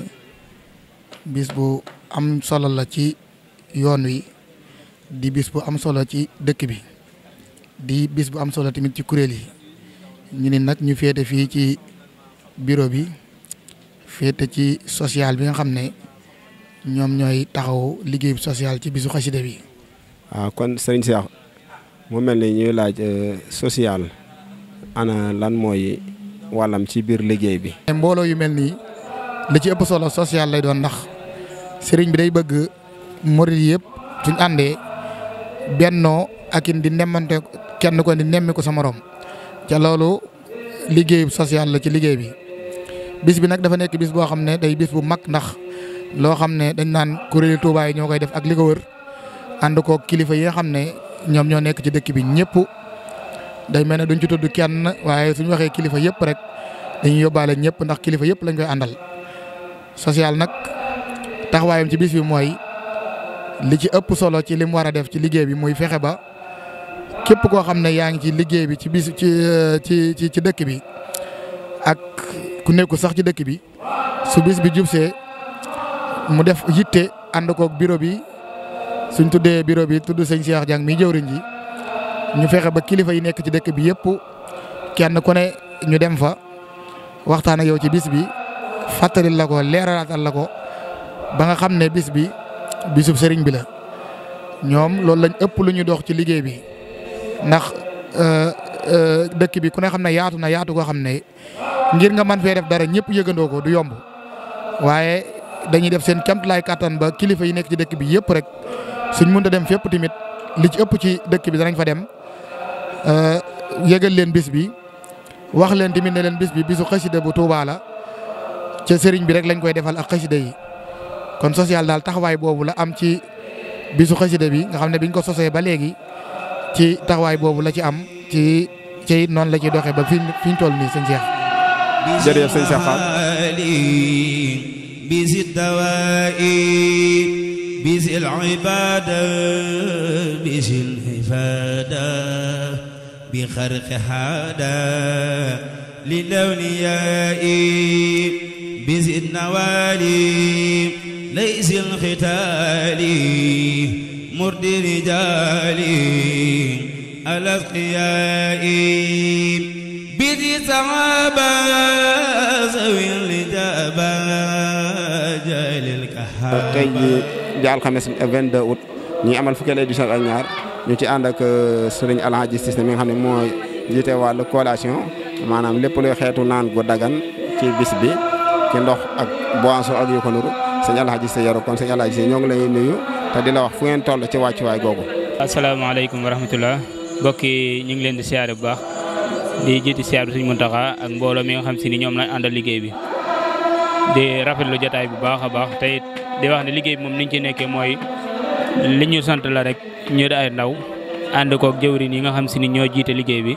bis bu am solo la ci yoon wi di bis bu am solo ci dëkk bi di bis bu am solo tamit ci kuréel yi ñu ne nag ñu féete fii ci bureau bi féete ci social bi nga xam ne ñoom ñooy taxaw liggéey social ci bisu xasida bi. waaw ah, kon sëriñ Cheikh mu mel ni ñuy laaj euh, social ana lan mooy wàllam ci biir liggéey bi. mbooloo yu mel nii li ci ëpp solo social lay doon ndax sëriñ bi day bëgg murid yëpp suñ àndee bennoo ak in di kenn ko di nemmi ko sa ca loolu liggéey social la ci liggéey bi bis bi nag dafa nekk bis boo xam ne day bis bu mag ndax loo xam ne dañ naan kuréelu Touba yi ñoo koy def ak li ko wër ànd koo kilifa yi nga xam ne ñoom ñoo nekk ci dëkk bi ñëpp day mel ne duñ ci tudd kenn waaye suñu waxee kilifa yëpp rek dañuy yóbbaale ñëpp ndax kilifa yëpp lañ koy àndal social nag taxawaayam ci bis bi mooy li ci ëpp solo ci li mu war a def ci liggéey bi muy fexe ba képp koo xam ne yaa ngi ci liggéey bi ci bis ci ci ci dëkk bi ak ku nekku sax ci dëkk bi su bis bi jubsee mu def yitte ànd koog bureau bi suñ tuddee bureau bi tudd sëñ Cheikh jang mi jëwriñ ji ñu fexe ba kilifa yi nekk ci dëkk bi yëpp kenn ku ne ñu dem fa waxtaan ak yow ci bis bi fàttali la ko leeralaatal la ko ba nga xam ne bis bi. bisub sëriñ bi la ñoom loolu lañ ëpp lu ñu dox ci liggéey bi ndax euh, euh, dëkk bi ku ne xam ne yaatu na yaatu koo xam ne ngir nga mën fee def dara ñëpp yëgandoo ko du yomb waaye dañuy def seen kéemtalaay kàttan ba kilifa yi nekk ci dëkk bi yëpp rek suñ mënta dem fépp tamit li ci ëpp ci dëkk bi danañ fa dem euh, yëgal leen bis bi wax leen tamit ne leen bis bi bisu xasida bu Tuubaa la ca sëriñ bi rek lañ koy defal ak xasida yi kon social daal taxawaay boobu la am ci bisu xasida bi nga xam ne biñ ko sosee ba léegi ci taxawaay boobu la ci am ci ci noonu la ci doxee ba fi ñu toll nii sëñ Cheikh. jërëjëf sëñ Cheikh Fall. بزي الدوائي بزي العبادة بزي الهفادة بخرق حادة للأولياء بزي النوالي ليس الختال مرد رجالي الأسقياء بذي ثوابا ذوي الإجابة جال الكهابة tey jii di alxames 22 amal fukkeelu édition ak ñaar ñu ci ànd ak euh, sëriñ Alhaji Cissé mi nga xam ne moo jiite wàllu collation maanaam lépp luy xeetu naan gu dagan ci bis bi ci ndox ak boisson ak yu sëñ Alhaji Seye Yoro kon sëñ Alhaji Seye ñoo ngi lay nuyu te di la wax fu ngeen toll ci wàccuwaay googu. asalaamaaleykum wa rahmatulah mbokk yi ñu ngi leen di siyaare bu baax di jiiti siyaar bi suñu Muntaxa ak mbooloo mi nga xam si ni ñoom lañ àndal liggéey bi di rafetlu jataay bu baax a baax tey it di wax ne liggéey bi moom niñ ci nekkee mooy li ñu sant la rek ñu di ay ndaw ànd koog jëwriñ yi nga xam si ni ñoo jiite liggéey bi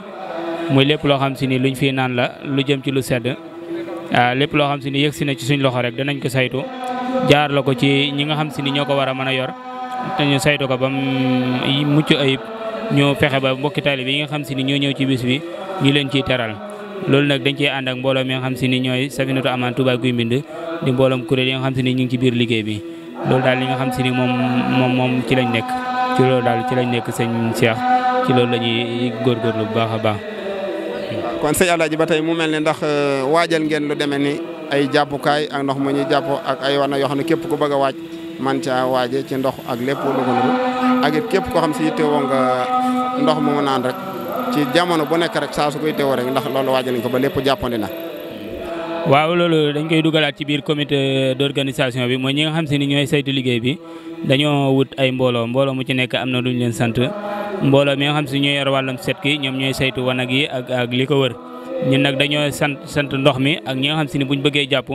muy lépp loo xam si ni luñ fii naan la lu jëm ci lu sedd ah, lépp loo xam si ni yëg si suñ loxo rek danañ ko saytu jaar la ko ci ñi nga xam si ni ñoo ko war a mën a yor te saytu ko ba mu mucc ayib ñu fexe ba mbokki taalibe yi nga xam si ni ñoo ñëw ci bis bi ñu leen ciy teral loolu nag dañ cee ànd ak mbooloo mi xam si ni ñooy Safinatoul Amaan Touba Guy Mbind di mbooloom kuréel yi nga xam si ni ñu ngi ci biir liggéey bi loolu daal li nga xam si ni moom moom moom ci lañ nekk ci loolu daal ci lañ nekk sëñ seex ci loolu la ñuy góorgóorlu bu baax a baax. kon sëñ Alaaji ba tey mu ay jàppukaay ak ndox moo ñuy jàpp ak ay wana yoo xam ne képp ko bëgg a waaj man caa waaje ci ndox ak lépp lu ko ak képp koo xam si teewoo nga ndox mu naan rek ci jamono bu nekk rek saa su koy teewoo rek ndax loolu waaja nañ ko ba lépp jàppandi na. waaw loolu dañ koy dugalaat ci biir comité d'organisation bi mooy ñi nga xam si ni ñooy saytu liggéey bi dañoo wut ay mbooloo mbooloo mu ci nekk am na lu leen sant mboolo mi nga xam si ñooy yor wàllum set ki ñoom ñooy saytu wanag yi ak ak li ko wër. ñun nag dañoo sant sant ndox mi ak ñi nga xam si ne buñ bëggee jàpp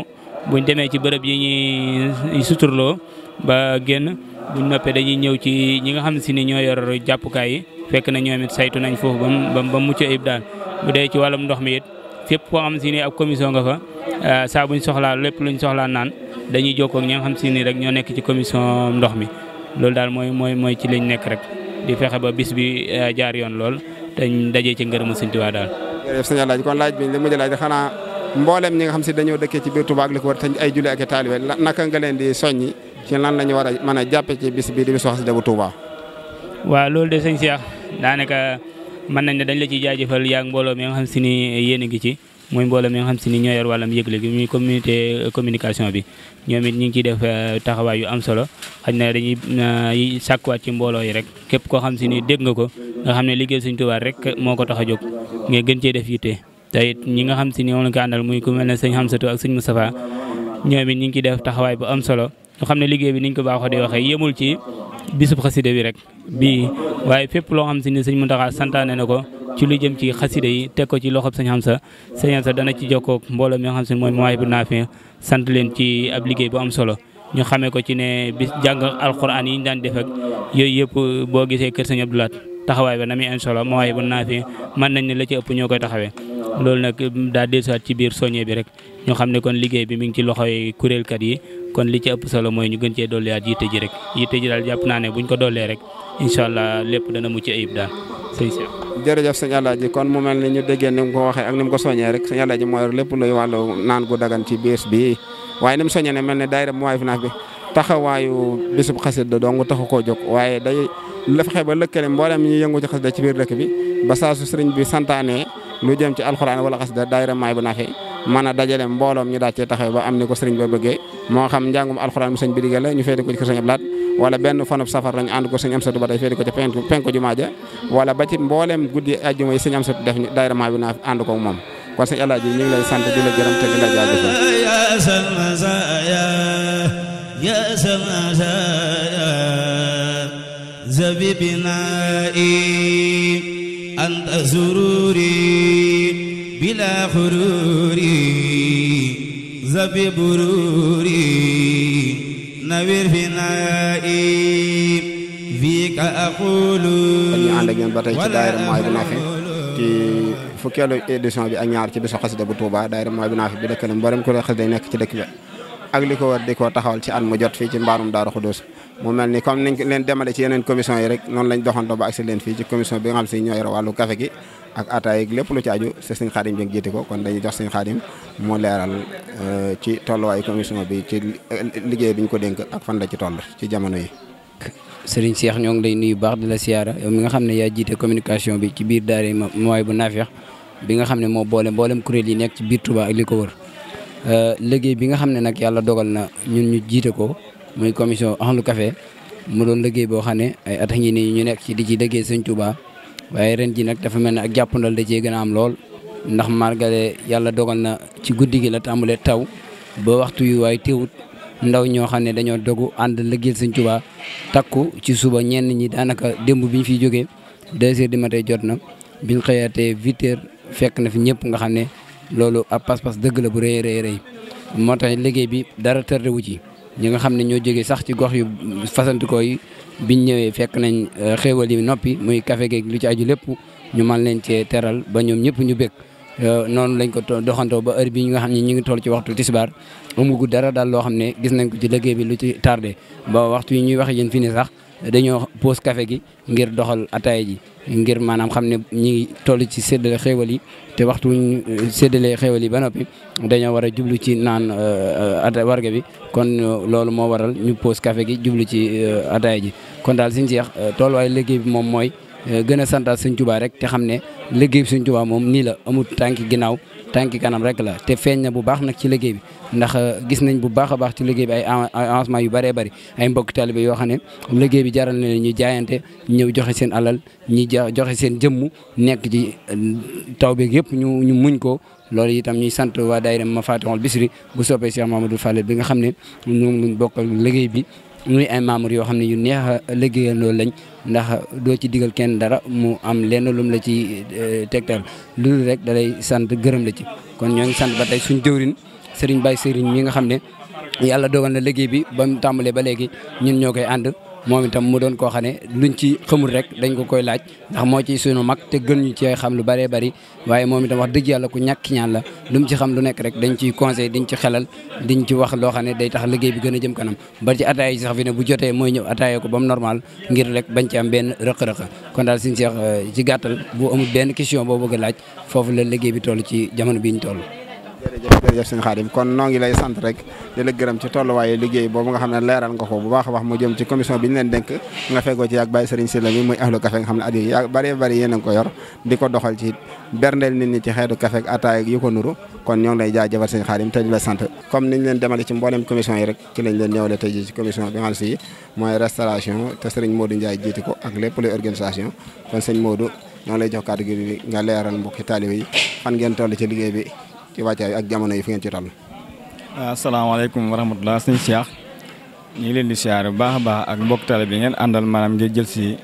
buñ demee ci bërëb yi ñuy suturloo ba génn buñ noppee dañuy ñëw ci ñi nga xam si ni ñoo yor jàppukaay yi fekk nañ ñoom it saytu nañ foofu ba mu ba mucc ayib daal. bu dee ci wàllum ndox mi it fépp koo xam si ne ab commission nga fa euh, saabuñ soxlaa lépp luñ soxlaa naan dañuy jokkoo ak ñi nga xam si ne rek ñoo nekk ci commission ndox mi loolu daal mooy mooy mooy ci liñ nekk rek di fexe ba bis bi euh, jaar yoon lool te daje ci ngërëmu Sëñ Tuubaa daal. jërëjëf sëñ Alaaji kon laaj bi li mujj laaj xanaa mboolem ñi nga xam si dañoo dëkkee ci biir Touba ak li ko war te ay julli ak taalibe naka nga leen di soññi ci lan la ñu war a mën a jàppe ci bis bi di bis xasida bu Touba. waaw loolu de sëñ Cheikh daanaka mën nañ ne dañ la ciy jaajëfal yaa mbooloo mi nga xam si ni yéen a ngi ci muy mi euh, communication bi ñoom it ñu def euh, taxawaay yu am solo xaj na dañuy euh, sàkkuwaat ci mbooloo yi rek képp koo xam si ni dégg nga ko nga xam ne liggéey Sëñ a jóg nga gën cee def yitte te it ñi nga xam si ni moom lañ ko àndal muy ku mel ne sëñ Hamsatu ak sëñ Moustapha ñoom it ñu ngi ciy def taxawaay bu am solo ñu xam ne liggéey bi niñ ko baaxoo di waxee yemul ci bisub xasida bi rek bii waaye fépp ne bis jàng alquran yi ñu daan def yooyu yëpp boo gisee kër sëñ Abdoulaat taxawaay ba na muy am mawaay bu naa fi mën nañ ne la ci ëpp ñoo koy taxawee loolu nag daa dellusiwaat ci biir soññee bi rek ñoo xam ne kon liggéey bi mi ngi ci loxoy kuréelkat yi kon li ci ëpp solo mooy ñu gën cee dolliwaat yitte ji rek yitte ji daal jàpp naa buñ ko dollee rek incha allah lépp dana mucc ayib daal sëñ si jërëjëf kon mu mel ni ñu déggee ni mu ko waxee ak ni mu ko soññee rek sëñ Alaaji mooy lépp luy wàllu naan gu dagan ci biis taxawaayu bisub xasida dong taxu koo jóg waaye day la fexe ba lëkkale mboolem yëngu ci xasida ci biir dëkk bi ba saa su bi santaane lu jëm ci alxuraan wala xasida daayira maay bu nafe mën a dajale mbooloom ñu daal cee taxaw ba am ni ko sëriñ ba bëggee moo xam njàngum alxuraan mu sëñ bi digal la ñu féete ko ci kër sëñ Ablaat ba ci penku guddi ajjuma yi sëñ Amsatu def daayira maay bu nafe ànd ko moom kon sëñ Alaaji يا سماء زبي بنائي أنت سروري بلا خروري زبي بروري نوير فنائي فيك أقول dañuy ànd ak yéen ba tey ci daayira mooy bu Naafi ci fukkeelu édition bi ak ñaar ci bisu xasida bu Touba daayira mooy bu Naafi bi dëkk la mboolem kuréel xasida yi nekk ci dëkk bi ak li ko war di ko taxawal ci at mu jot fii ci mbaarum Daaru Xudoos mu mel ni comme niñ leen demale ci yeneen commission yi rek noonu lañ doxantoo ba ak lépp lu ci aju si sëñ Xaadim ko kon dañuy jox sëñ Xaadim mu leeral euh, ci commission bi ci euh, liggéey bi ñu ko dénk ak fan la ci toll ci jamono yi. Serigne Cheikh ñoo ngi lay nuyu baax di la siyaara nga xam ne yaa jiite communication bi ci biir daara mooy bu naafeex bi nga xam ne moo boole mboolem kuréel yi nekk ci biir Touba ak li ko wër. Euh, liggéey bi nga xam ne nag yàlla dogal na ñun ñu jiite ko muy commission Ahlu kafe mu doon liggéey boo xam ne ay at ngi nii ñu nekk ci di ci liggéey Sëñ waaye ren ji nag dafa mel ne ak jàppandal da gën a am lool ndax margale yàlla dogal na ci guddi gi la tàmbalee taw ba waxtu yi waaye teewut ndaw ñoo xam ne dañoo dogu ànd liggéeyal Sëñ Touba takku ci suba ñenn ñi daanaka démb bi ñu fi jógee deux heures du matin jot na biñ xëyaatee huit fekk na fi ñëpp nga xam ne loolu ab pas-pas dëgg la bu rëy rëy rëy moo tax liggéey bi dara tërde wu ci ñu nga xam ne ñoo jógee sax ci gox yu fasantikoo yi biñ ñëwee fekk nañ euh, xéewal yi noppi muy café geeg lu ci aju lépp ñu man leen cee teral ba ñoom ñëpp ñu bëgg euh, noonu lañ ko doxantoo ba heure bi ñu nga xam ne ñu ngi toll ci waxtu tisbaar amugu dara daal loo xam ne gis nañ ko ci léggéey bi lu ci tardé ba waxtu yi ñuy waxe yéen fi ne sax dañoo pause kafe gi ngir doxal ataaya ji ngir maanaam xam ne ñi toll ci séddale xéewal yi te waxtu wuñ euh, séddalee xéewal yi ba noppi dañoo war a jublu ci naan euh, warga bi kon euh, loolu moo waral ñu pause kafe gi jublu ci ataaya ji kon daal suñ seex tolluwaay liggéey bi moom mooy gën a santaat suñ Tuubaa rek te xam ne liggéey bi suñ Tuubaa moom nii la amul tànki ginnaaw tànki kanam rek la te feeñ na bu baax nag ci liggéey bi ndax euh, gis nañ bu baax a baax ci liggéey bi ay avancement yu bëree bëri ay mbokk taalibe yoo xam ne liggéey bi jaral na leen ñu jaayante ñëw joxe seen alal ñi joxe seen jëmm nekk ci euh, taw beeg yëpp ñu ñu muñ ko loolu itam ñuy sant waa ma Mafatihul Bichri bu soppee Cheikh Mamadou Fall bi nga xam ne ñoom luñ bokkal liggéey bi ñuy ay membres yoo xam ne yu neex a liggéeyal loolu lañ ndax doo ci digal kenn dara mu am lenn lum la ci eh, tegtal loolu rek dalay sant gërëm la ci. kon ñoo ngi sant ba tey suñ jëwrin Serigne bay Serigne mi nga xam ne yàlla dogal na liggéey bi ba mu tàmbalee ba léegi ñun ñoo koy ànd. moom itam mu doon koo xam ne luñ ci xamul rek dañ ko koy laaj ndax moo ciy suñu mag te gën ñu ci xam lu bëree bari waaye moom itam wax dëgg yàlla ku ñàkk ñaan la lu mu ci xam lu nekk rek dañ ciy conseil diñ ci xelal diñ ci wax loo xam ne day tax liggéey bi gën a jëm kanam ba ci ataaya yi sax fi ne bu jotee mooy ñëw ataaya ko ba normal ngir rek bañ ci am benn rëq-rëq kon daal suñu seex euh, ci gàttal bu amul benn question boobu bëgg laaj foofu la liggéey bi toll ci jamono bi ñu toll jërëjëf jërëjëf sëñ Xaadim kon noo lay sant rek di gërëm ci tolluwaayu liggéey boobu nga xam ne leeral nga ko bu baax a baax mu jëm ci commission bi ñu leen dénk nga feggoo ci yàgg bàyyi sëriñ Sylla mi muy ahlu café nga xam ne at yi bari bari a ngi ko yor di ko doxal ci berndeel nit ñi ci xeetu café ak ataay yu nuru kon ñoo lay jaajëfal sëñ Xaadim te di la sant comme niñ leen demale ci mboolem commission yi rek ci lañ leen ñëwale tey ji ci commission bi nga xam mooy restauration te sëriñ Modou ci wàccaay ak jamono yi fi ngeen ci toll. asalaamaaleykum wa rahmatulah sëñ Cheikh ñu ngi leen di siyaare bu baax a baax ak mbokk tale bi ngeen àndal maanaam ngir jël si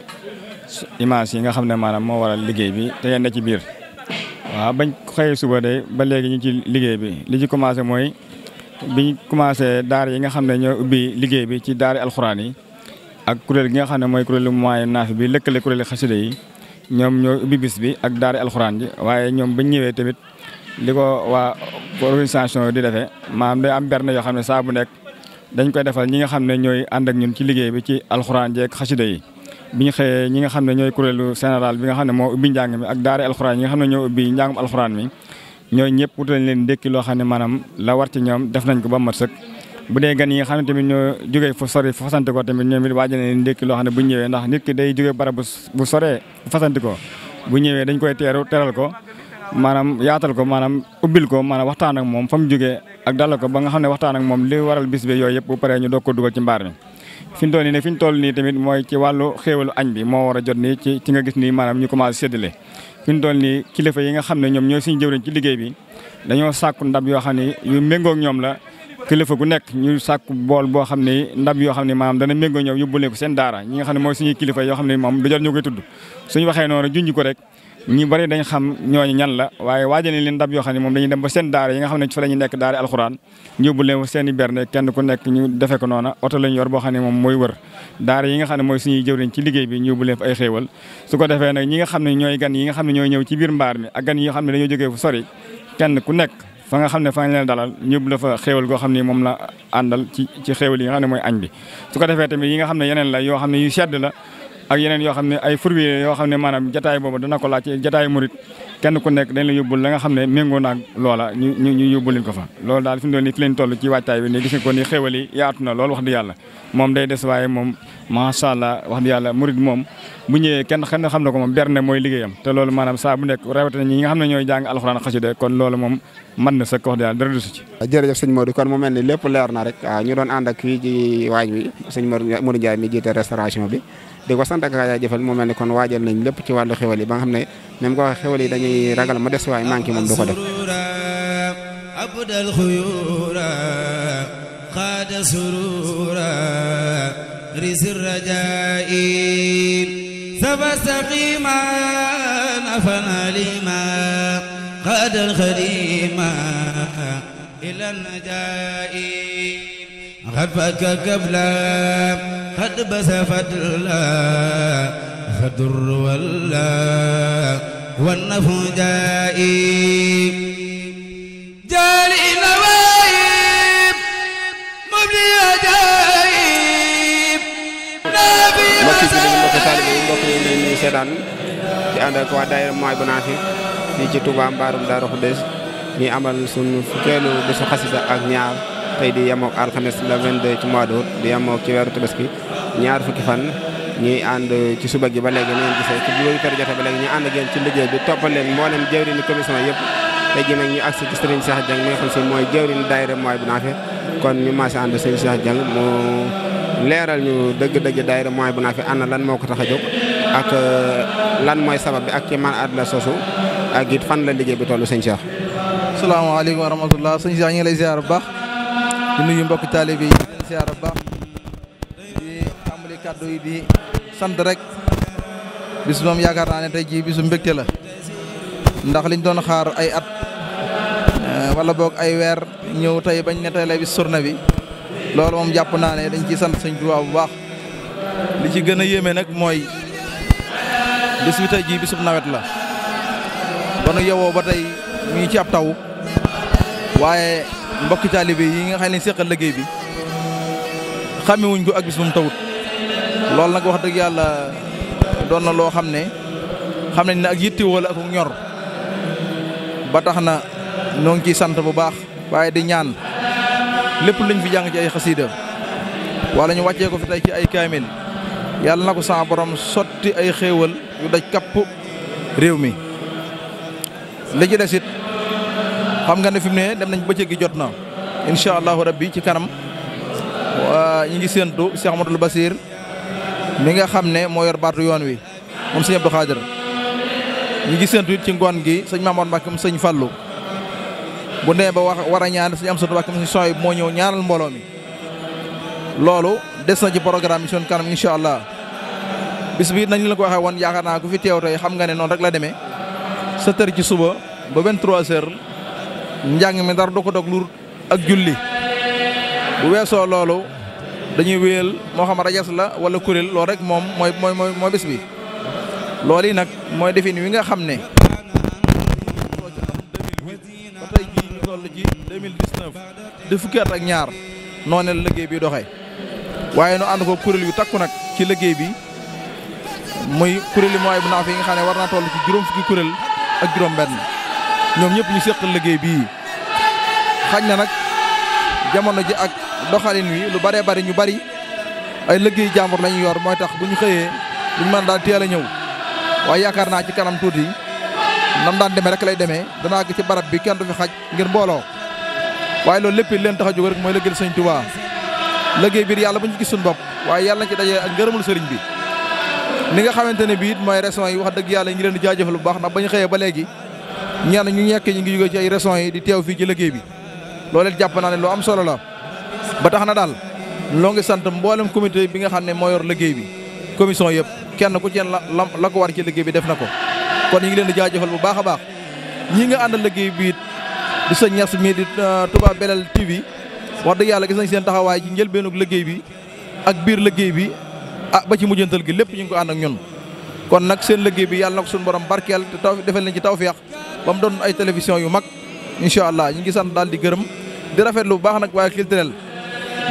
image yi nga xam ne maanaam moo waral liggéey bi te ngeen ne ci biir. waaw bañ xëyee suba de ba léegi ñu ci liggéey bi li ci commencé mooy biñ commencé daara yi nga xam ne ñoo ubbi liggéey bi ci daara alxuraan yi ak kuréel gi nga xam ne mooy kuréelu moyen naafi bi lëkkale kuréeli xasida yi ñoom ñoo ubbi bis bi ak daara alxuraan ji waaye ñoom bañ ñëwee tamit. li ko waa organisation di defee maam day am berne yoo xam ne saa bu nekk dañ koy defal ñi nga xam ne ñooy ànd ak ñun ci liggéey bi ci alxuraan jeeg xasida yi bi ñu xëyee ñi nga xam ne ñooy kuréelu général bi nga ne moo ubbi njàng mi ak daara alxuraan yi nga xam ne ñoo ubbi njàngum alxuraan mi ñooy ñëpp wutalañ leen ndékki loo xam ne maanaam la war ci ñoom def nañ ko ba ma sëkk bu dee gan yi nga xam ne tamit ñoo jógee fu sori fu fasante ko tamit ñoom it waajal leen ndékki loo xam ne bu ñëwee ndax nit ki day jógee barab bu soree bu fasante bu ñëwee dañ koy teeru teral ko maanaam yaatal ko maanaam ubbil ko maanaam waxtaan ak moom fa mu jógee ak dalal ko ba nga xam ne waxtaan ak moom li waral bis bi yooyu yëpp bu paree ñu doog ko dugal ci mbaar mi fi ñu toll nii ne tamit mooy ci wàllu xéewalu añ bi moo war a jot nii ci ci nga gis nii maanaam ñu commencé séddale fi ñu toll nii kilifa yi nga xam ne ñoom ñoo suñu jëwriñ ci liggéey bi dañoo sàkku ndab yoo xam ne yu méngoo ak ñoom la kilifa gu nekk ñu sàkku bool boo xam ne ndab yoo xam ne maanaam dana méngoo ñoom yóbbulee ko seen daara ñi nga xam ne mooy suñuy yoo xam ne moom du jot ñu koy tudd suñu waxee noonu junj ko rek ñu bari dañ xam ñooñu ñan la waaye waajal leen ndab yoo xam ne moom dañuy dem ba seen daara yi ne fa la ñu nekk daara alxuraan ñëbbu leen seen i berne kenn ku ne moom mooy wër daara yi nga xam ne mooy goo xam ne moom la àndal ci ci xéewal yi nga xam ne mooy añ bi su ko defee tamit yi nga xam ne yeneen la yoo xam ne yu sedd la ak yeneen yoo xam ne ay furwi yoo xam ne maanaam jataay boobu dana ko laaj ci jataayu murit kenn ku nekk dañ la yóbbul la nga xam ne méngoo naag loola ñu ñu ñu yóbbulil ko fa loolu daal fi mu doon nii ci waajtaay bi ne gis nga ko ni xéwal yi yaatu na loolu wax di yàlla moom wax di yàlla murit moom ñëwee kenn xam ne xam na ko moom mooy liggéeyam te loolu maanaam saa bu nekk rawatina ñi nga xam ne ñooy jàng alxuraan xasida kon loolu moom mën na sëkk wax di yàlla dara desu ci jërëjëf sëñ Modou kon mu mel ni lépp leer na rek ah, ñu doon ànd ak fii ci waaj bi sëñ Modou Ndiaye mi jiite restauration bi di ko sant ak jaajëfal mu mel ni kon waajal nañ lépp ci wàllu xewal yi ba nga xam ne même ko waxee xewal yi dañuy ragal mu des waaye manqué moom du ko def abdal xuyura qaada surura risi rajai saba saqima nafana lima qaada alxadima ila najai غرفك قبلا قد بسفت لا فدر ولا والنفو جائي جالي نوايب مبلي جائب نبي مسجد المكة طالب المكة اللي سيدان ci ànd ak waa daayira mooy bu naafi fii ci Touba mbaarum Daaru Xudes ñuy amal sunu fukkeelu bésu xasida ak ñaar tey di yemook alxames le 22 ci mois d'août di yemook ci weeru tabaski ñaar fukki fan ñuy ànd ci suba gi ba léegi ñu ngi gisee ci juróomi ànd ak ci liggéey bi toppal mboolem jëwriñu commission yëpp tey ji nag ñu agsi ci sëriñ Cheikh Dieng mi si mooy jëwriñu daayira mooy bu naafe kon ñu maasi ànd sëriñ Cheikh mu leeral ñu dëgg-dëgg daayira mooy bu naafe ana lan moo ko tax a jóg ak euh, lan mooy sabab bi ak ci man at la sosu ak it fan la liggéey bi tollu sëñ Cheikh. salaamaaleykum wa di nuyu mbokki taalibe yi di baax di amali kàddu yi di sant rek bis moom yaakaar naa ne tey ji bisu mbégte la ndax liñ doon xaar ay at eh, wala boog ay weer ñëw tey bañ ne tey la bis surna bi loolu moom jàpp naa ne dañ ci sant sëñ Tuubaa bu waax li ci gën a yéeme nag mooy bis bi tey jii bisub nawet la ba nu yowoo ba tey mu ngi ci ab taw waaye mbokki taalibe yi nga xam ne seqal liggéey bi xamewuñ ko ak bis tawut loolu nag wax dëgg yàlla doon na loo xam ne xam nañ na ak yitte wala ak ñor ba tax na ñoo ngi ciy sant bu baax waaye di ñaan lépp luñ fi jàng ci ay xasiida wala ñu wàccee ko fi tey ci ay kaamil yàlla na ko sa borom sotti ay xéewal yu daj kapp réew mi li ci des xam nga ne fi mu ne dem nañ bëccëg gi jot na incha allahu rabbi ci kanam ñi ngi séentu Cheikh Amadou Basir mi nga xam ne moo yor baatu yoon wi moom sëñ Abdou Khadir ñi ngi séentu it ci ngoon gi sëñ Mamoon Mbàkke mu sëñ Fallu bu nee ba wax war a ñaan sëñ Amsatu Mbàkke mu sëñ Soy moo ñëw ñaanal mbooloo mi loolu des na ci programme yi seen kanam incha allah bis bi nañ la ko waxee woon yaakaar naa ku fi teew tey xam nga ne noonu rek la demee 7 heures suba ba 23 heures njàng mi dara du ko dog lu ak julli bu weesoo loolu dañuy wéyal moo xam rajas la wala kuréel loolu rek moom mooy mooy mooy bis bi lool yi nag mooy defin wi nga xam ne ba tey jii ñu toll ci 2019 di fukki at ak ñaar noonu la bi doxee waaye nu ànd ko kuréel yu takku nag ci liggéey bi muy kuréel yi mooy bu naaf yi nga xam ne war naa toll ci juróom fukki kuréel ak juróom benn ñoom ñëpp ñu seqal liggéey bii xañ na nag jamono ji ak doxalin wi lu bare bari ñu bari ay liggéey jàmbur lañu yor mooy tax bu ñu xëyee duñ mën daal teel a ñëw waaye yaakaar naa ci kanam tuuti nam daan demee rek lay demee danaa gi ci barab bi kenn du fi xaj ngir mbooloo waaye loolu lépp leen tax a jóg mooy liggéeyal sëñ Tuubaa liggéey biir yàlla bu ñu gis suñu bopp waaye yàlla nañ ci dajee ak ngërëmul sëriñ bi li nga xamante ne bii mooy raison yi wax dëgg yàlla ñu leen di jaajëfal bu baax ndax bañu xëyee ba léegi ñenn ñu ñekk ñi ngi jóge ci ay raison yi di teew fii ci liggéey bi loolee jàpp naa ne lu am solo la ba tax na daal loo ngi sant mboolem comité bi nga xam ne moo yor liggéey bi commission yëpp kenn ku ci la lamp la ko war ci liggéey bi def na ko kon ñi ngi leen di jaajëfal bu baax a baax ñi nga àndal liggéey bi di sa ñas mi di euh, Touba Belel TV wax dëgg yàlla gis nañ seen taxawaay ci njëlbeenug liggéey bi ak biir liggéey bi ah ba ci mujjantal gi lépp ñu ngi ko ànd ak ñun kon nag seen liggéey bi yàlla na ko suñu borom barkeel te taw defal nañ ci tawféex ba mu doon ay télévision yu mag incha allah ñu ngi sant daal di gërëm di lu bu baax nag waaye culturel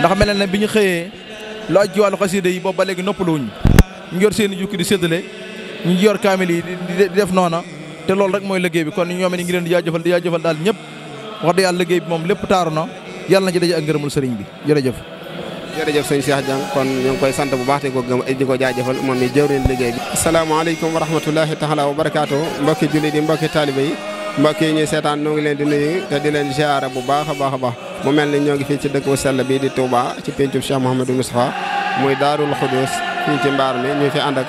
ndax mel na ne bi ñu xëyee lu aj ci wàllu xasida yi boobu ba léegi noppaluwuñ ñu yor seen i jukki di séddale ñu yor kaamil yi di def noona te loolu rek mooy liggéey bi kon ñoom it ngi leen di jaajëfal di jaajëfal daal ñëpp wax dëgg yàlla liggéey bi moom lépp taaru na yàlla na bi jërëjëf jërëjëf sëñ Cheikh Dieng kon ñu ngi sant bu baax te ko gëm di ko liggéey bi salaamaaleykum wa rahmatullahi taala wa barakaatu mbokki jullit yi mbokki taalibe yi mbokk yi ñuy seetaan ñoo ngi leen di nuyu te di leen ziara bu baax a baax a baax mu mel ni ñoo ngi fi ci dëkk bu sell bii di Touba ci pencum Cheikh Mouhamadou Moustapha muy Daarul Xudoos fii ci mbaar mi ñu fi ànd ak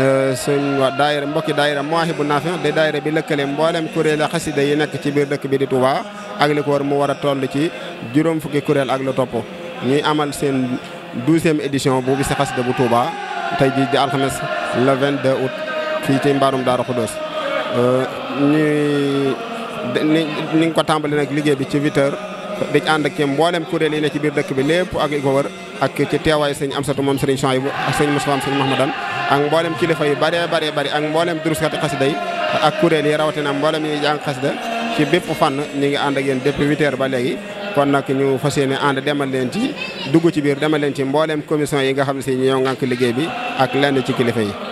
euh, suñ wa daayira mbokki daayira Mawahibou Nafi di daayira bi lëkkale mboolem kuréel a xasida yi nekk ci biir dëkk bi di Touba ak li ko war mu war a toll ci juróom fukki kuréel ak lu topp ñuy amal seen douzième édition bu bi si xasida bu Touba tey jii ji di alxames le 22 août fii ci mbaarum Daara Khoudoss euh, ñuy ni ni nga ko tàmbali nag liggéey bi ci 8h di ànd ak mboolem kuréel yi ne ci biir dëkk bi lépp ak i ko wër ak ci teewaay sëñ Amsatu moom sëriñ Chouaïbou ak sëñ Moussa am sëñ Mahmadan ak mboolem kilifa yu bëree bëree bëri ak mboolem duruskati xasida yi ak kuréel yi rawatina mboolem yi jàng xasida ci bépp fànn ñu ngi ànd ak yéen depuis 8 ba léegi. kon nag ñu fas yéene ànd demal leen ci dugg ci biir demal leen ci mbooleem commission yi nga xam ne si ñoo ngànk liggéey bi ak lenn ci kilifa yi